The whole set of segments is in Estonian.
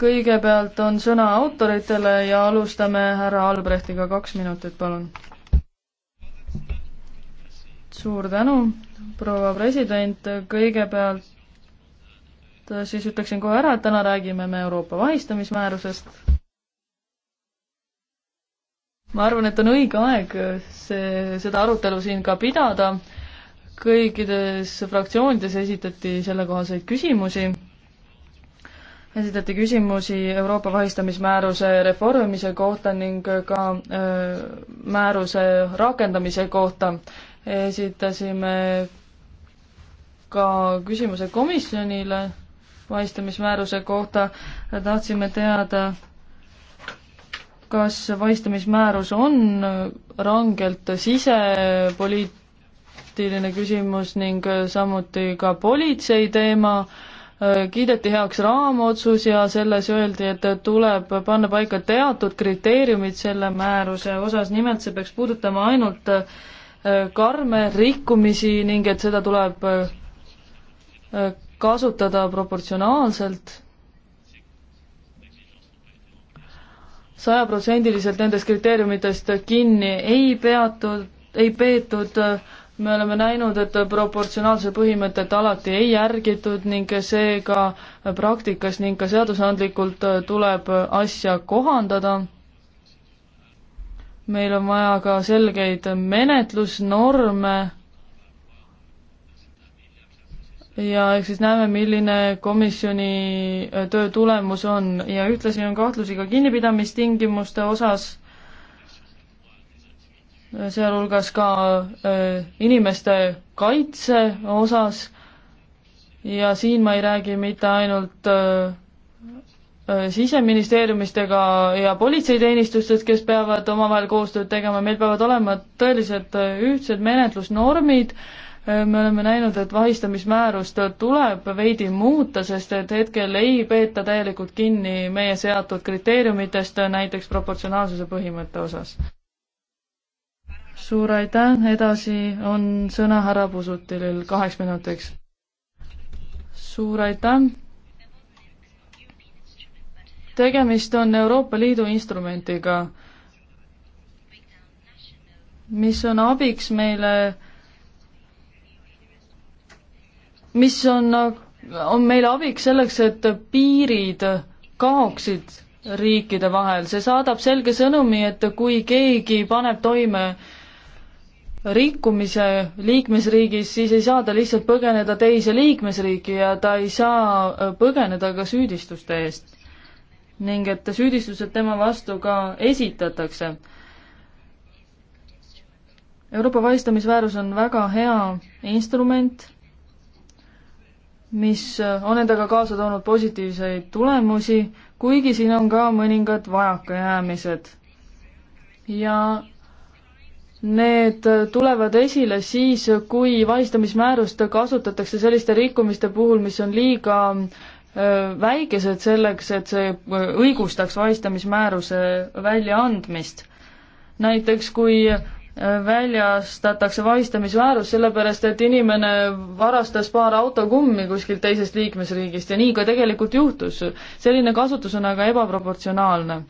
kõigepealt on sõna autoritele ja alustame härra Albrechtiga, kaks minutit, palun. suur tänu, proua president, kõigepealt äh, siis ütleksin kohe ära, et täna räägime me Euroopa vahistamismäärusest. ma arvan, et on õige aeg see, seda arutelu siin ka pidada kõikides fraktsioonides esitati sellekohaseid küsimusi esitati küsimusi Euroopa vahistamismääruse reformimise kohta ning ka äh, määruse rakendamise kohta. esitasime ka küsimuse komisjonile vahistamismääruse kohta, tahtsime teada, kas vahistamismäärus on rangelt sisepoliitiline küsimus ning samuti ka politsei teema äh, Äh, kiideti heaks raamotsus ja selles öeldi, et tuleb panna paika teatud kriteeriumid selle määruse osas, nimelt see peaks puudutama ainult äh, karme rikkumisi ning et seda tuleb äh, kasutada proportsionaalselt sajaprotsendiliselt nendest kriteeriumitest kinni ei peatud, ei peetud, me oleme näinud, et proportsionaalsuse põhimõtet alati ei järgitud ning seega praktikas ning ka seadusandlikult tuleb asja kohandada. meil on vaja ka selgeid menetlusnorme ja eks siis näeme, milline komisjoni töö tulemus on ja ühtlasi on kahtlusi ka kinnipidamistingimuste osas sealhulgas ka äh, inimeste kaitse osas ja siin ma ei räägi mitte ainult äh, äh, siseministeeriumist ega, ja politseiteenistustest, kes peavad omavahel koostööd tegema, meil peavad olema tõeliselt ühtsed menetlusnormid, me oleme näinud, et vahistamismäärust tuleb veidi muuta, sest et hetkel ei peeta täielikult kinni meie seatud kriteeriumitest, näiteks proportsionaalsuse põhimõtte osas suur aitäh, edasi on sõna härra Pusutilil kaheks minutiks. suur aitäh. tegemist on Euroopa Liidu instrumentiga, mis on abiks meile, mis on, on meile abiks selleks, et piirid kaoksid riikide vahel, see saadab selge sõnumi, et kui keegi paneb toime äh, rikkumise liikmesriigis, siis ei saa ta lihtsalt põgeneda teise liikmesriiki ja ta ei saa äh, põgeneda ka süüdistuste eest. ning et süüdistused tema vastu ka esitatakse. Euroopa vahistamisväärus on väga hea instrument, mis äh, on endaga kaasa toonud positiivseid tulemusi, kuigi siin on ka mõningad vajakajäämised ja Need tulevad esile siis, kui vahistamismäärust kasutatakse selliste rikkumiste puhul, mis on liiga väikesed selleks, et see õigustaks vahistamismääruse väljaandmist. näiteks kui väljastatakse vahistamismäärus sellepärast, et inimene varastas paar autokummi kuskilt teisest liikmesriigist ja nii ka tegelikult juhtus. selline kasutus on aga ebaproportsionaalne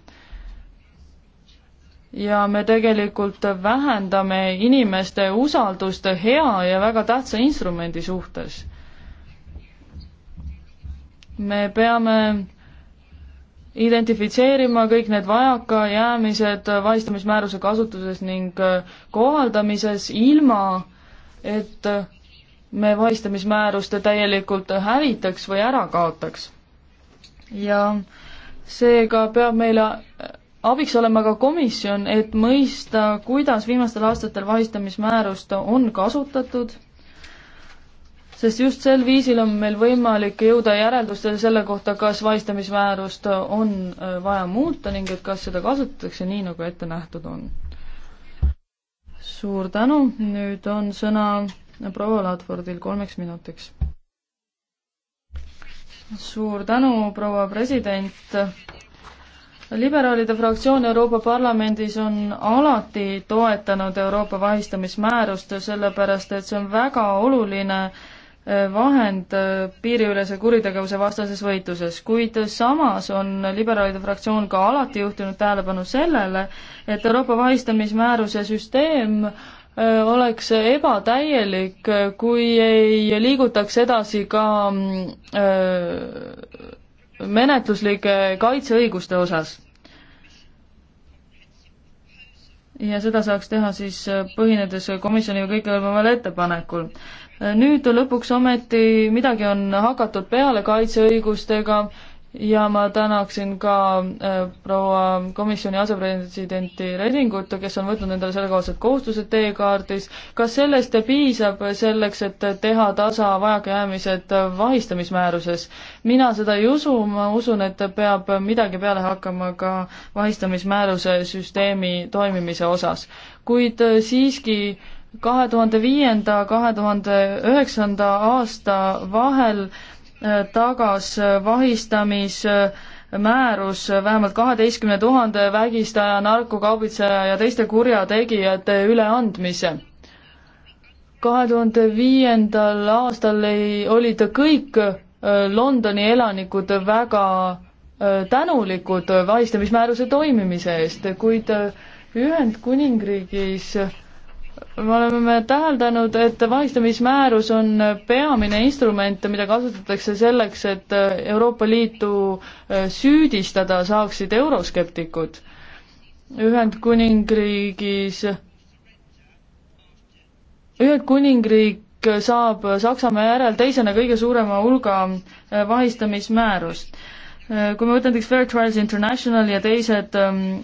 ja me tegelikult vähendame inimeste usaldust hea ja väga tähtsa instrumendi suhtes. me peame identifitseerima kõik need vajakajäämised vahistamismääruse kasutuses ning äh, kohaldamises, ilma et me vahistamismäärust täielikult hävitaks või ära kaotaks. ja seega peab meile abiks olema ka komisjon, et mõista, kuidas viimastel aastatel vahistamismäärust on kasutatud, sest just sel viisil on meil võimalik jõuda järeldustele selle kohta, kas vahistamismäärust on äh, vaja muuta ning et kas seda kasutatakse nii, nagu ette nähtud on. suur tänu, nüüd on sõna proua Ladfordil kolmeks minutiks. suur tänu, proua president liberaalide fraktsioon Euroopa Parlamendis on alati toetanud Euroopa vahistamismäärust, sellepärast et see on väga oluline eh, vahend eh, piiriülese kuritegevuse vastases võitluses, kuid samas on liberaalide fraktsioon ka alati juhtinud tähelepanu sellele, et Euroopa vahistamismääruse süsteem eh, oleks ebatäielik, kui ei liigutaks edasi ka öö, mm, menetluslike kaitseõiguste osas. ja seda saaks teha siis äh, põhinedes komisjoni kõikehõlmaval ettepanekul. Äh, nüüd lõpuks ometi midagi on hakatud peale kaitseõigustega, ja ma tänaksin ka äh, proua komisjoni asepresidenti Redingut, kes on võtnud endale sellekohased kohustused teekaardis. kas sellest piisab selleks, et teha tasa vajakajäämised vahistamismääruses? mina seda ei usu, ma usun, et peab midagi peale hakkama ka vahistamismääruse süsteemi toimimise osas. kuid siiski kahe tuhande viienda, kahe tuhande üheksanda aasta vahel äh, tagas vahistamismäärus vähemalt kaheteistkümne tuhande vägistaja, narkokaubitseja ja teiste kurjategijate üleandmise. kahe tuhande viiendal aastal ei, olid kõik äh, Londoni elanikud väga äh, tänulikud vahistamismääruse toimimise eest, kuid äh, Ühendkuningriigis me oleme täheldanud, et vahistamismäärus on peamine instrument, mida kasutatakse selleks, et äh, Euroopa Liitu äh, süüdistada saaksid euroskeptikud. Ühendkuningriigis, Ühendkuningriik saab Saksamaa järel teisena kõige suurema hulga äh, vahistamismäärust. kui ma võtan näiteks Fair Trials International ja teised ähm,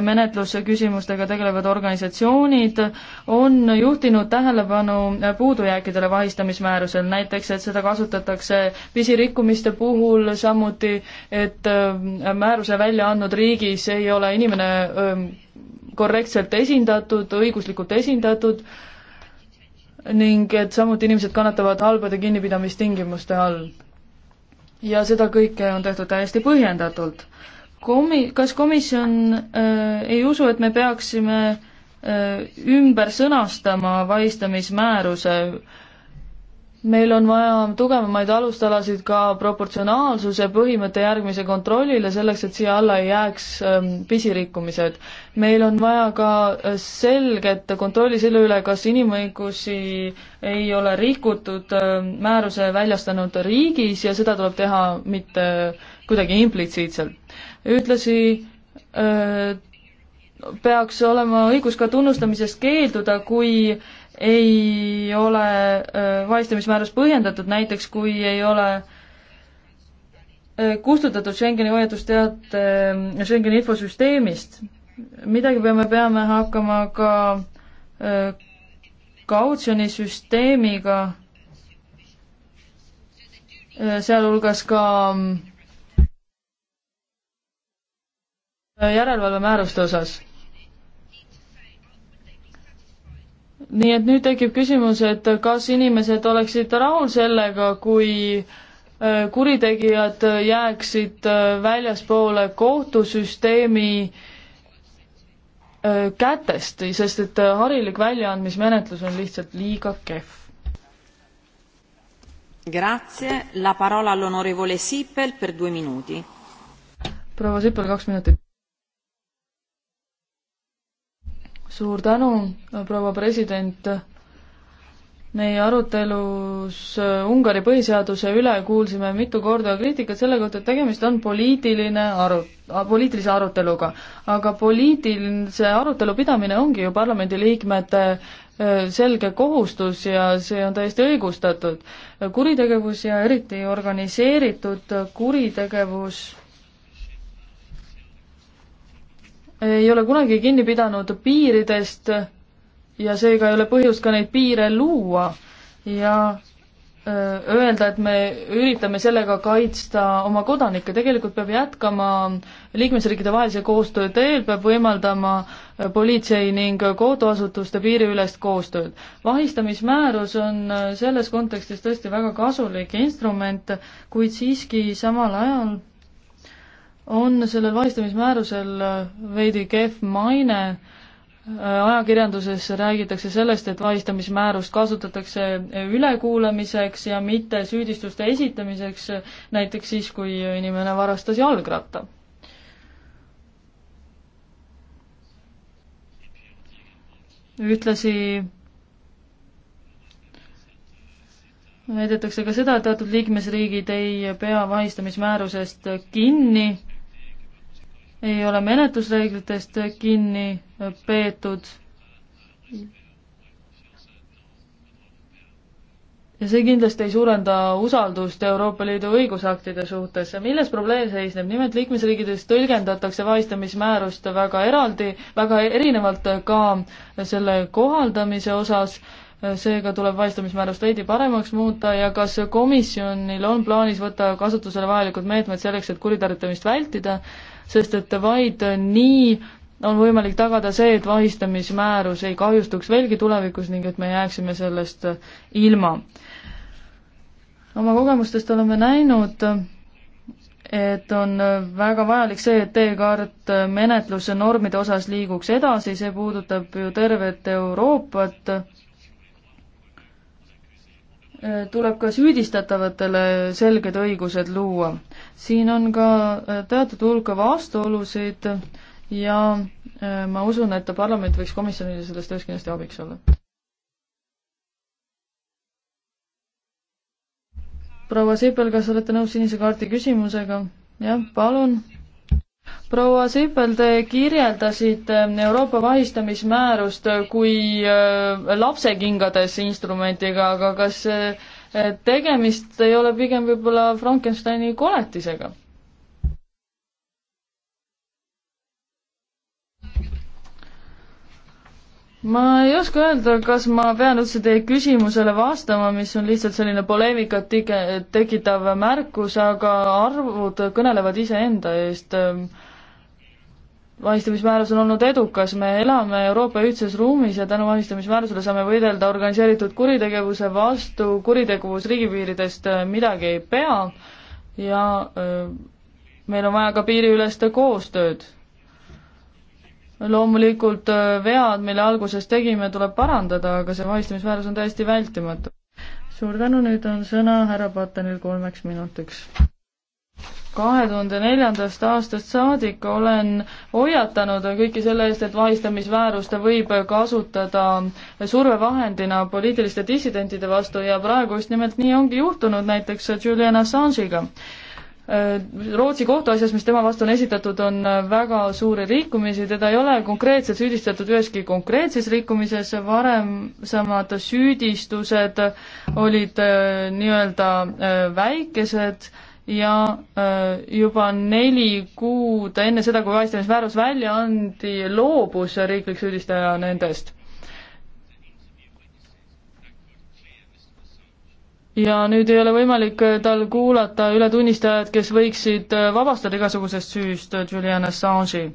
menetluse küsimustega tegelevad organisatsioonid on juhtinud tähelepanu puudujääkidele vahistamismäärusel, näiteks et seda kasutatakse pisirikkumiste puhul, samuti et äh, määruse välja andnud riigis ei ole inimene ähm, korrektselt esindatud, õiguslikult esindatud ning et samuti inimesed kannatavad halbade kinnipidamistingimuste all. ja seda kõike on tehtud täiesti põhjendatult komi-, kas komisjon äh, ei usu, et me peaksime äh, ümber sõnastama vahistamismääruse? meil on vaja tugevamaid alustalasid ka proportsionaalsuse põhimõtte järgmise kontrollile, selleks et siia alla ei jääks äh, pisirikkumised. meil on vaja ka äh, selget kontrolli selle üle, kas inimõigusi ei ole rikutud äh, määruse väljastanud riigis ja seda tuleb teha mitte äh, kuidagi implitsiitselt. ühtlasi öö, äh, peaks olema õigus ka tunnustamisest keelduda, kui ei ole äh, vahistamismäärus põhjendatud, näiteks kui ei ole äh, kustutatud Schengeni hoiatusteate Schengeni infosüsteemist. midagi peame, peame hakkama ka kautsjonisüsteemiga, sealhulgas ka, ka mm, järelevalvemääruste osas. nii et nüüd tekib küsimus, et kas inimesed oleksid rahul sellega, kui äh, kuritegijad jääksid äh, väljaspoole kohtusüsteemi äh, kätest, sest et harilik väljaandmismenetlus on lihtsalt liiga kehv. Grazie, la parola all'onorevole Sipel per due minuti. proua Sipel, kaks minutit suur tänu, proua president. meie arutelus äh, Ungari põhiseaduse üle kuulsime mitu korda kriitikat selle kohta, et tegemist on poliitiline aru-, poliitilise aruteluga. aga poliitilise arutelu pidamine ongi ju parlamendiliikmete äh, selge kohustus ja see on täiesti õigustatud. kuritegevus ja eriti organiseeritud kuritegevus ei ole kunagi kinni pidanud piiridest ja seega ei ole põhjust ka neid piire luua ja öelda, et me üritame sellega kaitsta oma kodanikke, tegelikult peab jätkama liikmesriikide vahelise koostöö teel, peab võimaldama politsei ning kohtuasutuste piiriülest koostööd. vahistamismäärus on selles kontekstis tõesti väga kasulik instrument, kuid siiski samal ajal on sellel vahistamismäärusel veidi kehv maine. ajakirjanduses räägitakse sellest, et vahistamismäärust kasutatakse ülekuulamiseks ja mitte süüdistuste esitamiseks, näiteks siis, kui inimene varastas jalgratta. ühtlasi väidetakse ka seda, et teatud liikmesriigid ei pea vahistamismäärusest kinni ei ole menetlusreeglitest kinni peetud. ja see kindlasti ei suurenda usaldust Euroopa Liidu õigusaktide suhtes. milles probleem seisneb? nimelt liikmesriikides tõlgendatakse vahistamismäärust väga eraldi, väga erinevalt ka selle kohaldamise osas seega tuleb vaistamismäärust veidi paremaks muuta ja kas komisjonil on plaanis võtta kasutusele vajalikud meetmed selleks, et kuritarvitamist vältida sest et vaid nii on võimalik tagada see, et vahistamismäärus ei kahjustuks veelgi tulevikus ning et me jääksime sellest ilma. oma kogemustest oleme näinud, et on väga vajalik see, et teekaart menetluse normide osas liiguks edasi, see puudutab ju tervet Euroopat Äh, tuleb ka süüdistatavatele selged õigused luua. siin on ka äh, teatud hulka vastuolusid ja äh, ma usun, et parlament võiks komisjonile selles töös kindlasti abiks olla. proua Sipel, kas olete nõus sinise kaardi küsimusega? jah, palun proua Sippel, te kirjeldasite Euroopa vahistamismäärust kui äh, lapsekingades instrumendiga, aga kas äh, tegemist ei ole pigem võib-olla Frankensteini koletisega? ma ei oska öelda, kas ma pean üldse teie küsimusele vastama, mis on lihtsalt selline poleemikat tege-, tekitav märkus, aga arvud kõnelevad iseenda eest äh, vahistamismäärus on olnud edukas, me elame Euroopa ühtses ruumis ja tänu vahistamismäärusele saame võidelda organiseeritud kuritegevuse vastu, kuritegevus riigipiiridest äh, midagi ei pea ja öö, äh, meil on vaja ka piiriülest koostööd. loomulikult äh, vead, mille alguses tegime, tuleb parandada, aga see vahistamismäärus on täiesti vältimatu. suur tänu, nüüd on sõna härra Patenil kolmeks minutiks kahe tuhande neljandast aastast saadik olen hoiatanud kõiki selle eest, et vahistamisväärust võib kasutada survevahendina poliitiliste dissidentide vastu ja praegu just nimelt nii ongi juhtunud näiteks Julian Assange'iga. Rootsi kohtuasjas, mis tema vastu on esitatud, on väga suuri rikkumisi, teda ei ole konkreetselt süüdistatud üheski konkreetses rikkumises, varemsemad süüdistused olid äh, nii-öelda äh, väikesed ja äh, juba neli kuud enne seda, kui vahistamismäärus välja andi, loobus riiklik süüdistaja nendest. ja nüüd ei ole võimalik tal kuulata üle tunnistajad, kes võiksid äh, vabastada igasugusest süüst äh, Julian Assange'i.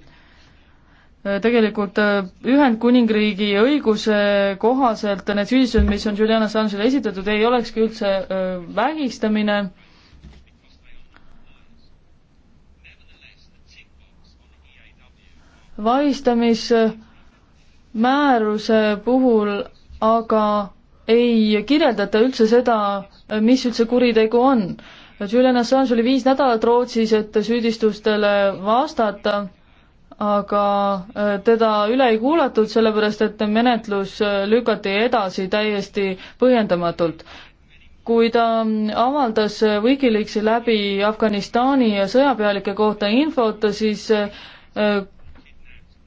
tegelikult Ühendkuningriigi õiguse kohaselt need süüdistused, mis on Julian Assange'ile esitatud, ei olekski üldse vägistamine vahistamismääruse puhul aga ei kirjeldata üldse seda, mis üldse kuritegu on. Julian Assange oli viis nädalat Rootsis, et süüdistustele vastata, aga äh, teda üle ei kuulatud, sellepärast et menetlus äh, lükati edasi täiesti põhjendamatult. kui ta mm, avaldas äh, Wikileaksi läbi Afganistani sõjapealike kohta infot, siis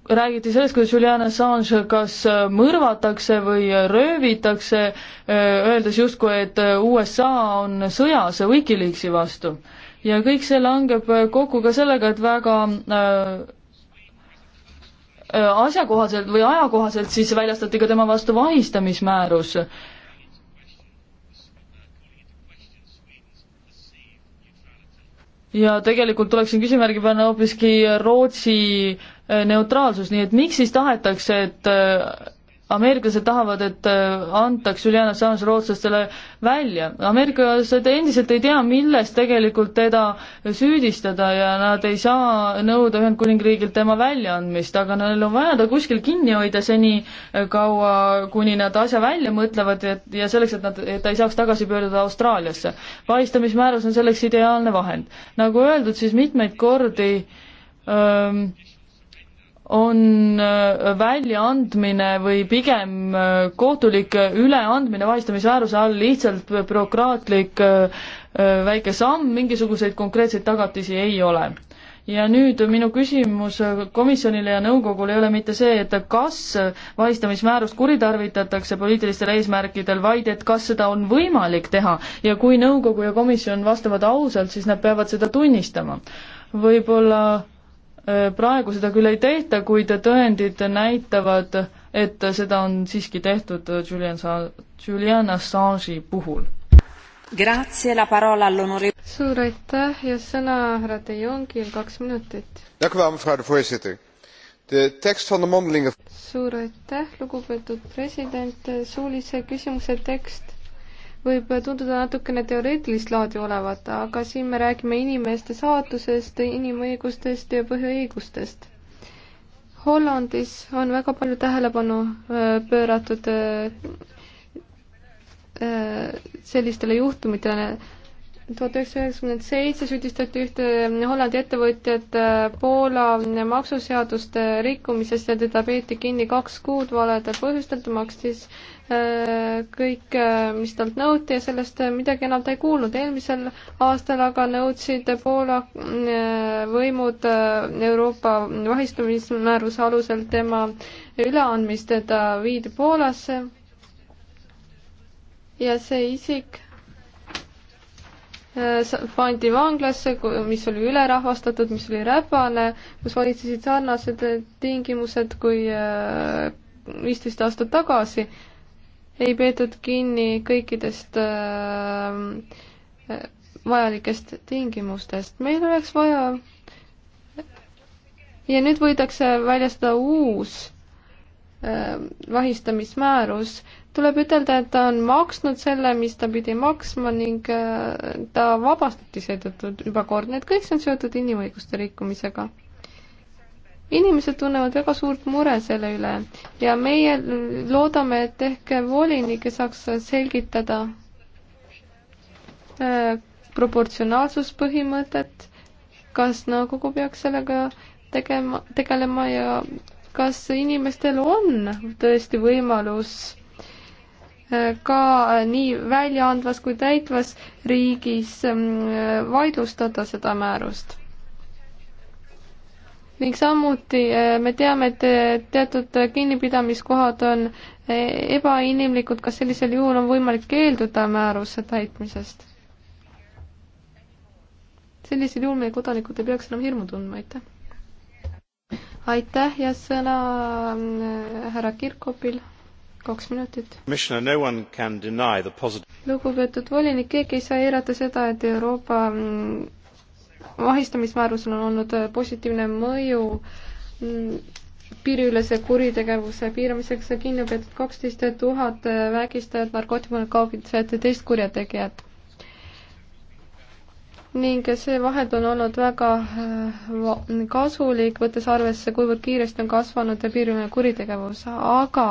räägiti sellest, kuidas Julian Assange kas äh, mõrvatakse või äh, röövitakse, äh, öeldes justkui, et USA on sõjas Wikileaksi vastu. ja kõik see langeb kokku ka sellega, et väga äh, asjakohaselt või ajakohaselt siis väljastati ka tema vastu vahistamismäärus ja tegelikult tuleks siin küsimärgi panna hoopiski Rootsi Äh, neutraalsus, nii et miks siis tahetakse, et äh, ameeriklased tahavad, et äh, antaks Julian Assange rootslastele välja. ameeriklased endiselt ei tea, milles tegelikult teda süüdistada ja nad ei saa nõuda Ühendkuningriigilt tema väljaandmist, aga neil on vaja ta kuskil kinni hoida seni kaua, kuni nad asja välja mõtlevad ja, ja selleks, et nad, et ta ei saaks tagasi pöörduda Austraaliasse. vaistamismäärus on selleks ideaalne vahend. nagu öeldud, siis mitmeid kordi öö, ähm, on äh, väljaandmine või pigem äh, kohtulik äh, üleandmine vahistamisvääruse all lihtsalt bürokraatlik väike samm, mingisuguseid konkreetseid tagatisi ei ole. ja nüüd minu küsimus komisjonile ja nõukogule ei ole mitte see, et kas vahistamismäärust kuritarvitatakse poliitilistel eesmärkidel, vaid et kas seda on võimalik teha ja kui nõukogu ja komisjon vastavad ausalt, siis nad peavad seda tunnistama. võib-olla Äh, praegu seda küll ei tehta, kuid tõendid näitavad, et seda on siiski tehtud äh, Julian Sa-, Julian Assange'i puhul. suur aitäh ja sõna härra De Jongil, kaks minutit. suur aitäh, lugupeetud president, suulise küsimuse tekst võib tunduda natukene teoreetilist laadi olevat, aga siin me räägime inimeste saatusest, inimõigustest ja põhiõigustest. Hollandis on väga palju tähelepanu äh, pööratud äh, äh, sellistele juhtumitele tuhat üheksasada üheksakümmend seitse süüdistati ühte Hollandi ettevõtjat äh, Poola maksuseaduste rikkumises ja teda peeti kinni kaks kuud valedel põhjustel, ta maksis äh, kõik, äh, mis talt nõuti ja sellest midagi enam ta ei kuulnud. eelmisel aastal aga nõudsid Poola võimud Euroopa vahistamismääruse alusel tema üleandmist, ta viidi Poolasse ja see isik Äh, pandi vanglasse, mis oli ülerahvastatud, mis oli räpane, kus valitsesid sarnased äh, tingimused kui äh, viisteist aastat tagasi. ei peetud kinni kõikidest vajalikest tingimustest. meil oleks vaja ja nüüd võidakse väljastada uus Ähm, vahistamismäärus, tuleb ütelda, et ta on maksnud selle, mis ta pidi maksma ning äh, ta vabastati seetõttu juba kord, need kõik on seotud inimõiguste rikkumisega. inimesed tunnevad väga suurt mure selle üle ja meie loodame, et ehk volinik saaks selgitada äh, proportsionaalsuspõhimõtet, kas nõukogu peaks sellega tegema, tegelema ja kas inimestel on tõesti võimalus äh, ka äh, nii väljaandvas kui täitvas riigis ähm, äh, vaidlustada seda määrust. ning samuti me teame, et teatud kinnipidamiskohad on ebainimlikud, kas sellisel juhul on võimalik keelduda määruse täitmisest? sellisel juhul meie kodanikud ei peaks enam hirmu tundma, aitäh aitäh ja sõna ähm, härra Kirkopil, kaks minutit. lugupeetud volinik, keegi ei saa eirata seda, et Euroopa mm, vahistamismäärusel on olnud äh, positiivne mõju mm, piiriülese kuritegevuse piiramiseks kinni peetud kaksteist tuhat äh, vägistajat, narkootikumide kaubitsejat ja teist kurjategijat ning see vahend on olnud väga äh, kasulik, võttes arvesse, kuivõrd kiiresti on kasvanud piiriline kuritegevus, aga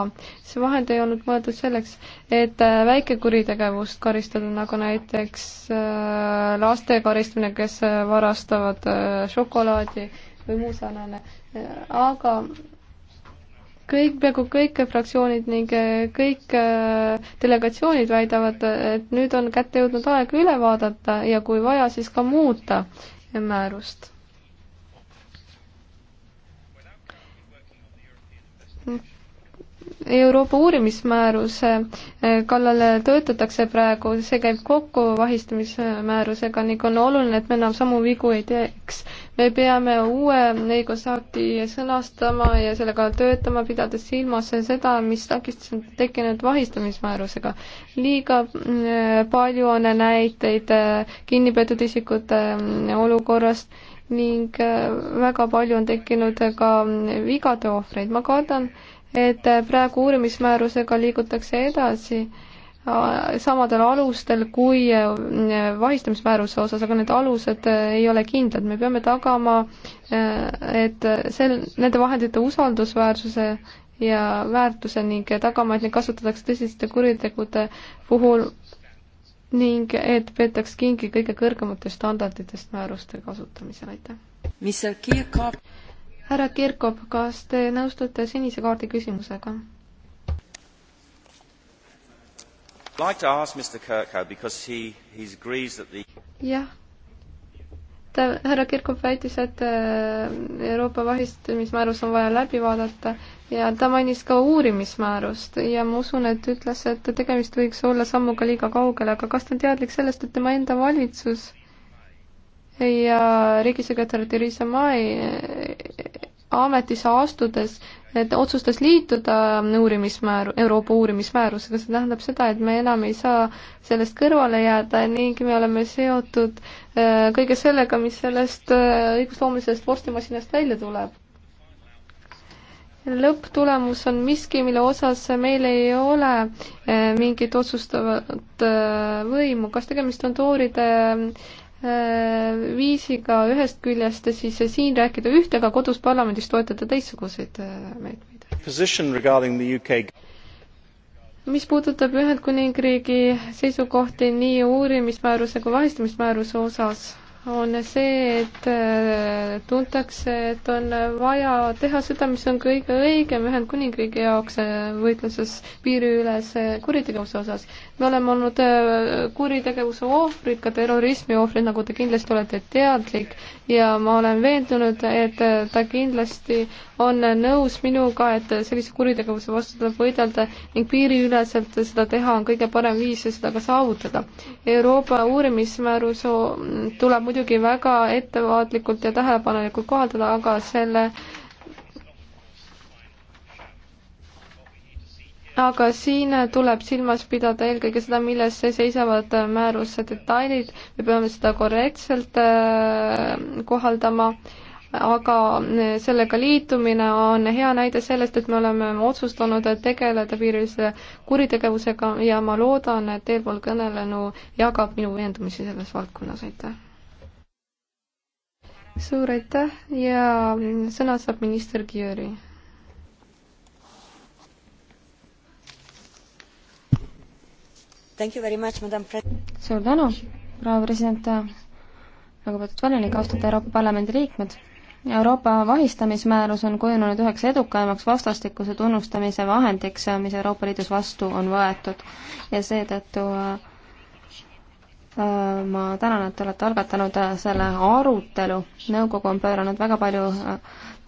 see vahend ei olnud mõeldud selleks, et äh, väikekuritegevust karistada, nagu näiteks äh, laste karistamine, kes varastavad šokolaadi või muu sarnane, aga kõik, peaaegu kõik fraktsioonid ning äh, kõik äh, delegatsioonid väidavad, et nüüd on kätte jõudnud aeg üle vaadata ja kui vaja, siis ka muuta määrust Euroopa uurimismääruse eh, kallale eh, töötatakse praegu, see käib kokku vahistamismäärusega ning on oluline, et me enam samu vigu ei teeks. me peame uue õigusakti sõnastama ja sellega töötama, pidades silmas seda, mis takistus on tekkinud vahistamismäärusega. liiga eh, palju on näiteid kinnipeetud isikute olukorrast ning väga palju on tekkinud ka mm, vigade ohvreid. ma kardan, et praegu uurimismäärusega liigutakse edasi äh, samadel alustel kui äh, vahistamismääruse osas, aga need alused äh, ei ole kindlad, me peame tagama, et sel, nende vahendite usaldusväärsuse ja väärtuse ning tagama, et neid kasutatakse tõsiste kuritegude puhul ning et peetaks kingi kõige kõrgematest standarditest määruste kasutamisel, aitäh härra Kirkov, kas te nõustute sinise kaardi küsimusega? jah, ta, härra Kirkov väitis, et äh, Euroopa vahistamismäärus on vaja läbi vaadata ja ta mainis ka uurimismäärust ja ma usun, et ütles, et tegemist võiks olla sammuga liiga kaugele, aga kas ta on teadlik sellest, et tema enda valitsus ja riigisekretär Theresa May eh, ametisse astudes et otsustas liituda uurimismääru, Euroopa uurimismäärusega, see tähendab seda, et me enam ei saa sellest kõrvale jääda ning me oleme seotud eh, kõige sellega, mis sellest eh, õigusloomulisest vorstimasinast välja tuleb. lõpptulemus on miski, mille osas meil ei ole mingit otsustavat võimu, kas tegemist on tooride Äh, viisiga ühest küljest siis siin rääkida ühte, aga kodus parlamendis toetada teistsuguseid äh, meetmeid. mis puudutab Ühendkuningriigi seisukohti nii uurimismääruse kui vahistamismääruse osas, on see, et äh, tuntakse, et on vaja teha seda, mis on kõige õigem Ühendkuningriigi jaoks äh, võitluses piiriülese kuritegevuse osas. me oleme olnud äh, kuritegevuse ohvrid, ka terrorismi ohvrid, nagu te kindlasti olete teadlik ja ma olen veendunud, et ta kindlasti on nõus minuga, et sellise kuritegevuse vastu tuleb võidelda ning piiriüleselt seda teha on kõige parem viis seda ka saavutada. Euroopa uurimismäärus tuleb muidugi väga ettevaatlikult ja tähelepanelikult kohaldada, aga selle äh, aga siin tuleb silmas pidada eelkõige seda, milles seisavad määruse detailid, me peame seda korrektselt äh, kohaldama, aga sellega liitumine on hea näide sellest, et me oleme otsustanud tegeleda piirilise kuritegevusega ja ma loodan, et eelpool kõnelenu jagab minu veendumusi selles valdkonnas, aitäh! suur aitäh ja sõna saab minister Kiieri suur tänu, proua president, lugupeetud valinik, austatud Euroopa Parlamendi liikmed. Euroopa vahistamismäärus on kujunenud üheks edukaimaks vastastikuse tunnustamise vahendiks, mis Euroopa Liidus vastu on võetud ja seetõttu äh, Äh, ma tänan, et te olete algatanud äh, selle arutelu. nõukogu on pööranud väga palju äh,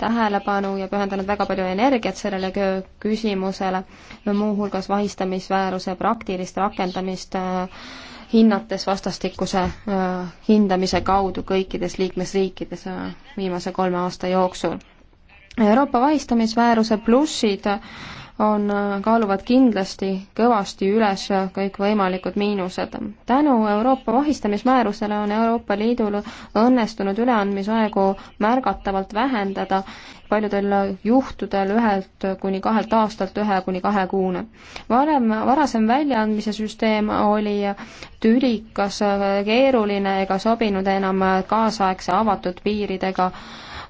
tähelepanu ja pühendanud väga palju energiat sellele küsimusele, muuhulgas vahistamisvääruse praktilist rakendamist hinnates vastastikuse hindamise kaudu kõikides liikmesriikides viimase kolme aasta jooksul. Euroopa vahistamisvääruse plussid on, äh, kaaluvad kindlasti kõvasti üles kõikvõimalikud miinused. tänu Euroopa vahistamismäärusele on Euroopa Liidul õnnestunud üleandmisaegu märgatavalt vähendada paljudel juhtudel ühelt kuni kahelt aastalt ühe kuni kahe kuune. varem, varasem väljaandmise süsteem oli tülikas, keeruline ega sobinud enam kaasaegse avatud piiridega äh,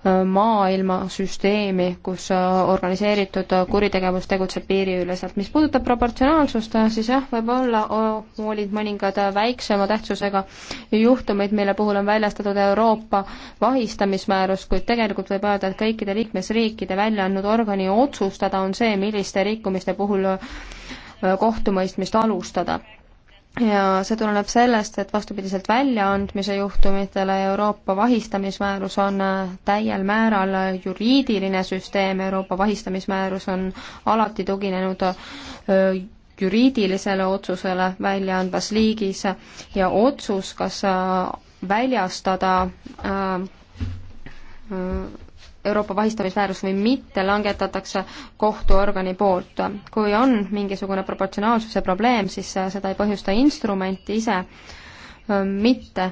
maailmasüsteemi, kus äh, organiseeritud äh, kuritegevus tegutseb piiriüleselt. mis puudutab proportsionaalsust, äh, siis jah, võib-olla olid mõningad väiksema tähtsusega juhtumid, mille puhul on väljastatud Euroopa vahistamismäärus, kuid tegelikult võib öelda, et kõikide liikmesriikide välja andnud organi otsustada on see, milliste rikkumiste puhul kohtumõistmist alustada ja see tuleneb sellest, et vastupidiselt väljaandmise juhtumitele Euroopa vahistamismäärus on äh, täiel määral äh, juriidiline süsteem, Euroopa vahistamismäärus on alati tuginenud äh, juriidilisele otsusele väljaandvas liigis ja otsus, kas väljastada Euroopa vahistamismäärus või mitte, langetatakse kohtuorgani poolt. kui on mingisugune proportsionaalsuse probleem, siis seda ei põhjusta instrument ise, ähm, mitte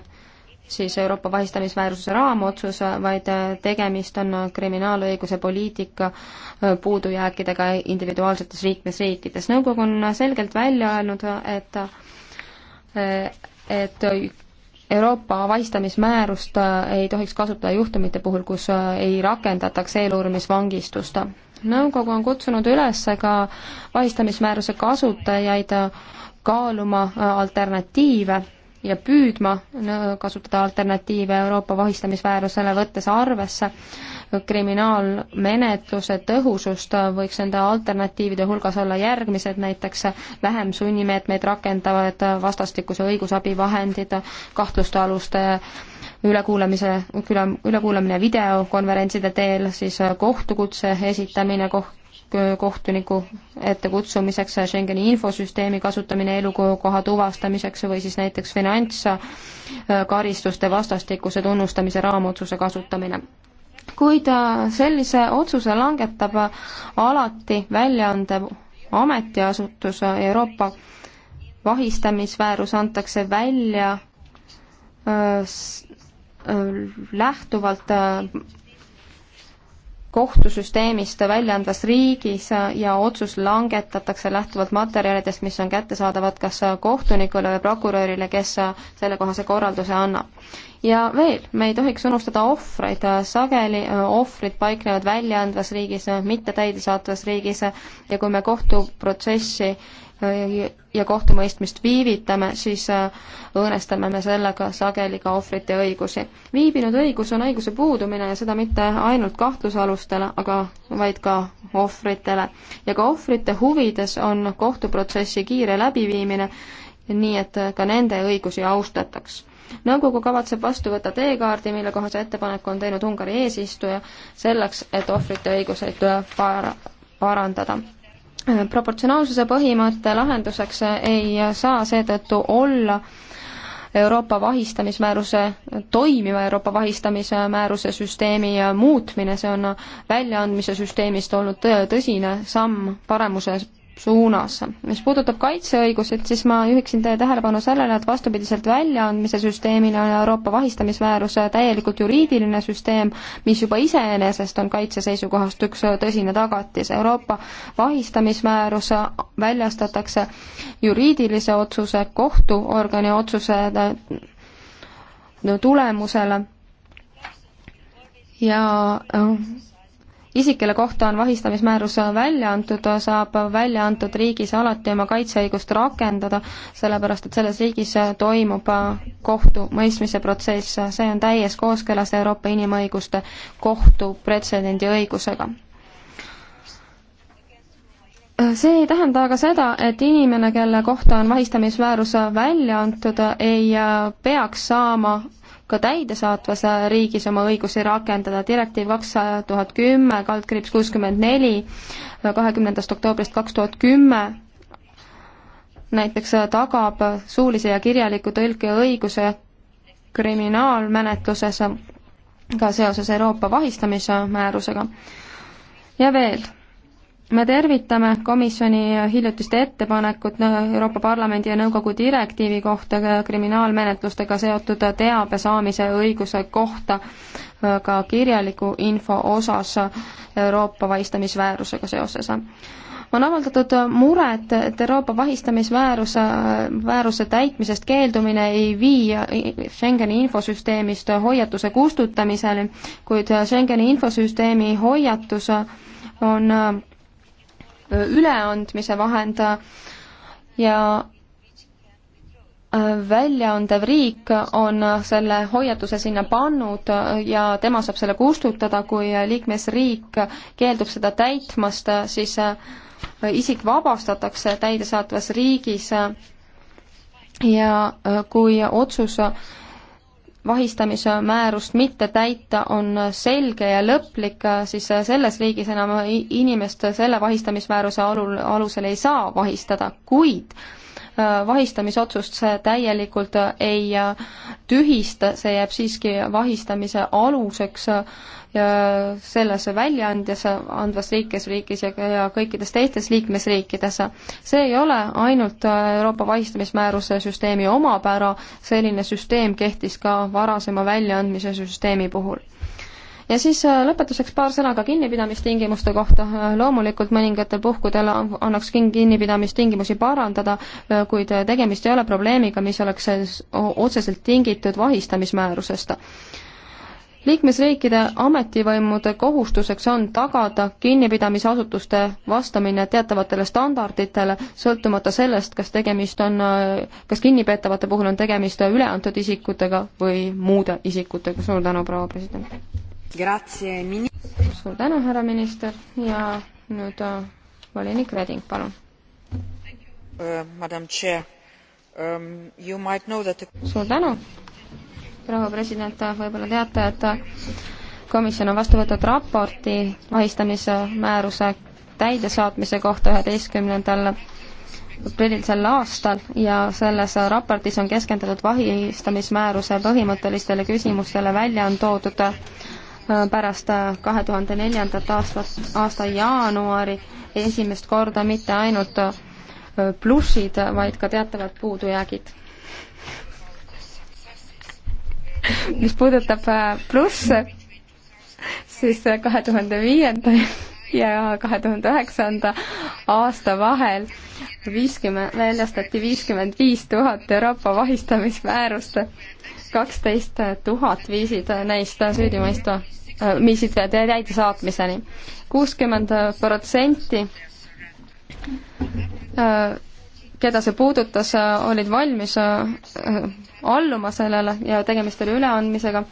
siis Euroopa vahistamisvääruse raamotsus, vaid äh, tegemist on kriminaalõiguse poliitika äh, puudujääkidega individuaalsetes liikmesriikides. nõukogu on selgelt välja öelnud, et äh, et Euroopa vahistamismäärust äh, ei tohiks kasutada juhtumite puhul, kus äh, ei rakendataks eeluurimisvangistust. nõukogu on kutsunud üles ka vahistamismääruse kasutajaid äh, kaaluma alternatiive ja püüdma kasutada alternatiive Euroopa vahistamismäärusele, võttes arvesse äh, kriminaalmenetluse tõhusust võiks nende alternatiivide hulgas olla järgmised, näiteks vähem sunnimeetmeid rakendavad vastastikuse õigusabivahendid, kahtlustealuste ülekuulamise, üle, ülekuulamine videokonverentside teel, siis kohtukutse esitamine koht-, kohtuniku ettekutsumiseks, Schengeni infosüsteemi kasutamine elukoha tuvastamiseks või siis näiteks finantskaristuste vastastikuse tunnustamise raamotsuse kasutamine kui ta sellise otsuse langetab alati väljaandev ametiasutus Euroopa vahistamisväärus antakse välja öö, lähtuvalt öö, kohtusüsteemist välja andvas riigis ja otsus langetatakse lähtuvalt materjalidest, mis on kättesaadavad kas kohtunikule või prokurörile, kes sellekohase korralduse annab ja veel, me ei tohiks unustada ohvreid, sageli äh, ohvrid paiknevad väljaandvas riigis, äh, mitte täidesaatvas riigis ja kui me kohtuprotsessi äh, ja kohtumõistmist viivitame, siis õõnestame me sellega sageli ka ohvrite õigusi. viibinud õigus on õiguse puudumine ja seda mitte ainult kahtlusalustele, aga vaid ka ohvritele. ja ka ohvrite huvides on kohtuprotsessi kiire läbiviimine, nii et ka nende õigusi austataks nõukogu kavatseb vastu võtta teekaardi, mille kohase ettepaneku on teinud Ungari eesistuja selleks, et ohvrite õiguseid äh, para-, parandada. Äh, proportsionaalsuse põhimõtte lahenduseks äh, ei saa seetõttu olla Euroopa vahistamismääruse, toimiva Euroopa vahistamismääruse süsteemi muutmine, see on väljaandmise süsteemist olnud tõsine samm paremuse suunas. mis puudutab kaitseõigused, siis ma juhiksin teie tähelepanu sellele, et vastupidiselt väljaandmise süsteemile on Euroopa vahistamismääruse täielikult juriidiline süsteem, mis juba iseenesest on kaitse seisukohast üks tõsine tagatis. Euroopa vahistamismäärus väljastatakse juriidilise otsuse, kohtuorgani otsuse tulemusele ja äh, isik, kelle kohta on vahistamismäärus välja antud, saab välja antud riigis alati oma kaitseõigust rakendada, sellepärast et selles riigis toimub kohtumõistmise protsess, see on täies kooskõlas Euroopa Inimõiguste Kohtu pretsedendi õigusega see ei tähenda aga seda, et inimene, kelle kohta on vahistamismäärus välja antud, ei peaks saama ka täidesaatvas riigis oma õigusi rakendada. direktiiv kaks tuhat kümme, kaldkriips kuuskümmend neli, kahekümnendast oktoobrist kaks tuhat kümme, näiteks äh, tagab suulise ja kirjaliku tõlke õiguse kriminaalmenetluses ka seoses Euroopa vahistamismäärusega. ja veel me tervitame komisjoni hiljutiste ettepanekut Euroopa Parlamendi ja Nõukogu direktiivi kohta kriminaalmenetlustega seotud teabe saamise õiguse kohta ka kirjaliku info osas Euroopa vahistamisväärusega seoses. on avaldatud muret, et Euroopa vahistamisvääruse, vääruse täitmisest keeldumine ei vii Schengeni infosüsteemist hoiatuse kustutamiseni, kuid Schengeni infosüsteemi hoiatus on üleandmise vahend ja väljaandev riik on selle hoiatuse sinna pannud ja tema saab selle kustutada, kui liikmesriik keeldub seda täitmast, siis isik vabastatakse täidesaatvas riigis ja kui otsus vahistamise määrust mitte täita on selge ja lõplik, siis selles riigis enam inimest selle vahistamismääruse alul, alusel ei saa vahistada, kuid äh, vahistamisotsust see täielikult ei äh, tühista, see jääb siiski vahistamise aluseks selles väljaandjas, andvas liikmesriigis ja, ja kõikides teistes liikmesriikides. see ei ole ainult Euroopa vahistamismääruse süsteemi omapära, selline süsteem kehtis ka varasema väljaandmise süsteemi puhul ja siis äh, lõpetuseks paar sõna ka kinnipidamistingimuste kohta. loomulikult mõningatel puhkudel annaks kinnipidamistingimusi parandada, äh, kuid äh, tegemist ei ole probleemiga, mis oleks otseselt tingitud vahistamismäärusest liikmesriikide ametivõimude kohustuseks on tagada kinnipidamisasutuste vastamine teatavatele standarditele, sõltumata sellest, kas tegemist on, kas kinnipeetavate puhul on tegemist üleantud isikutega või muude isikutega. suur tänu, proua president! suur tänu, härra minister ja nüüd äh, volinik Reding, palun uh,! Um, the... suur tänu! proua president, võib-olla teate, et komisjon on vastu võtnud raporti vahistamise määruse täidesaatmise kohta üheteistkümnendal aprillil sel aastal ja selles raportis on keskendutud vahistamismääruse põhimõttelistele küsimustele, välja on toodud äh, pärast äh, kahe tuhande neljandat aastat, aasta jaanuari esimest korda mitte ainult äh, plussid, vaid ka teatavad puudujäägid mis puudutab äh, plusse, siis äh, kahe tuhande viienda ja kahe tuhande üheksanda aasta vahel viiskümmend, väljastati viiskümmend viis tuhat Euroopa vahistamismäärust. kaksteist tuhat viisid neist süüdimõistva, äh, viisid täidesaatmiseni. kuuskümmend protsenti keda see puudutas, olid valmis alluma sellele ja tegemist oli üleandmisega.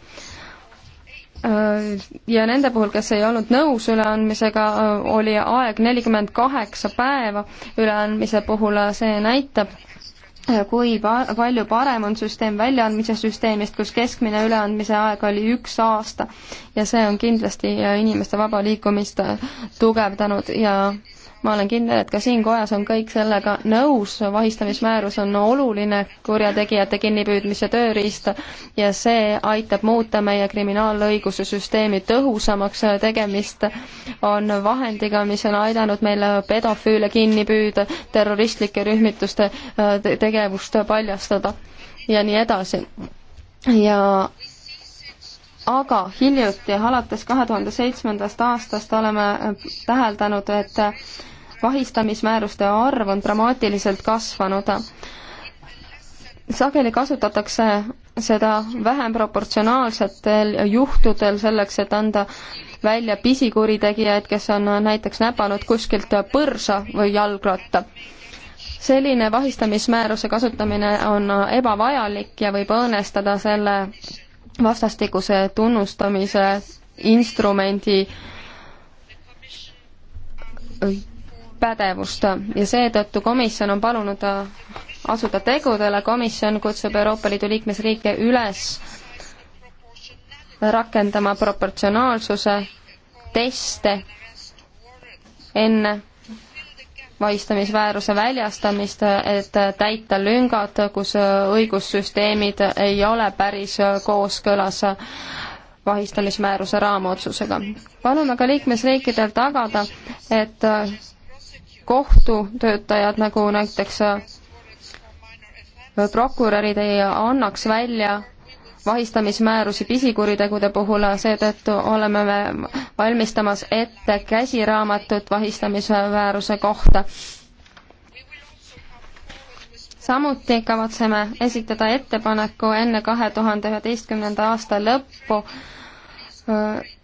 Äh, ja nende puhul, kes ei olnud nõus üleandmisega, äh, oli aeg nelikümmend kaheksa päeva üleandmise puhul, see näitab, äh, kui pa-, palju parem on süsteem väljaandmise süsteemist, kus keskmine üleandmise aeg oli üks aasta. ja see on kindlasti inimeste vaba liikumist tugevdanud ja ma olen kindel, et ka siin kojas on kõik sellega nõus, vahistamismäärus on oluline kurjategijate kinnipüüdmise tööriist ja see aitab muuta meie kriminaalõiguse süsteemi tõhusamaks, tegemist on vahendiga, mis on aidanud meil pedofüüle kinni püüda, terroristlike rühmituste äh, tegevust paljastada ja nii edasi. ja aga hiljuti, alates kahe tuhande seitsmendast aastast oleme täheldanud, et vahistamismääruste arv on dramaatiliselt kasvanud. sageli kasutatakse seda vähem proportsionaalsetel juhtudel selleks, et anda välja pisikuritegijaid, kes on näiteks näpanud kuskilt põrsa või jalgratta. selline vahistamismääruse kasutamine on ebavajalik ja võib õõnestada selle vastastikuse tunnustamise instrumendi pädevust ja seetõttu komisjon on palunud asuda tegudele, komisjon kutsub Euroopa Liidu liikmesriike üles rakendama proportsionaalsuse teste enne vaistamisvääruse väljastamist, et täita lüngad, kus õigussüsteemid ei ole päris kooskõlas vahistamismääruse raamotsusega. palume ka liikmesriikidel tagada, et kohtutöötajad, nagu näiteks äh, prokurörid ei annaks välja vahistamismäärusi pisikuritegude puhul, seetõttu oleme me valmistamas ette käsiraamatut vahistamismääruse kohta. samuti kavatseme esitada ettepaneku enne kahe tuhande üheteistkümnenda aasta lõppu äh,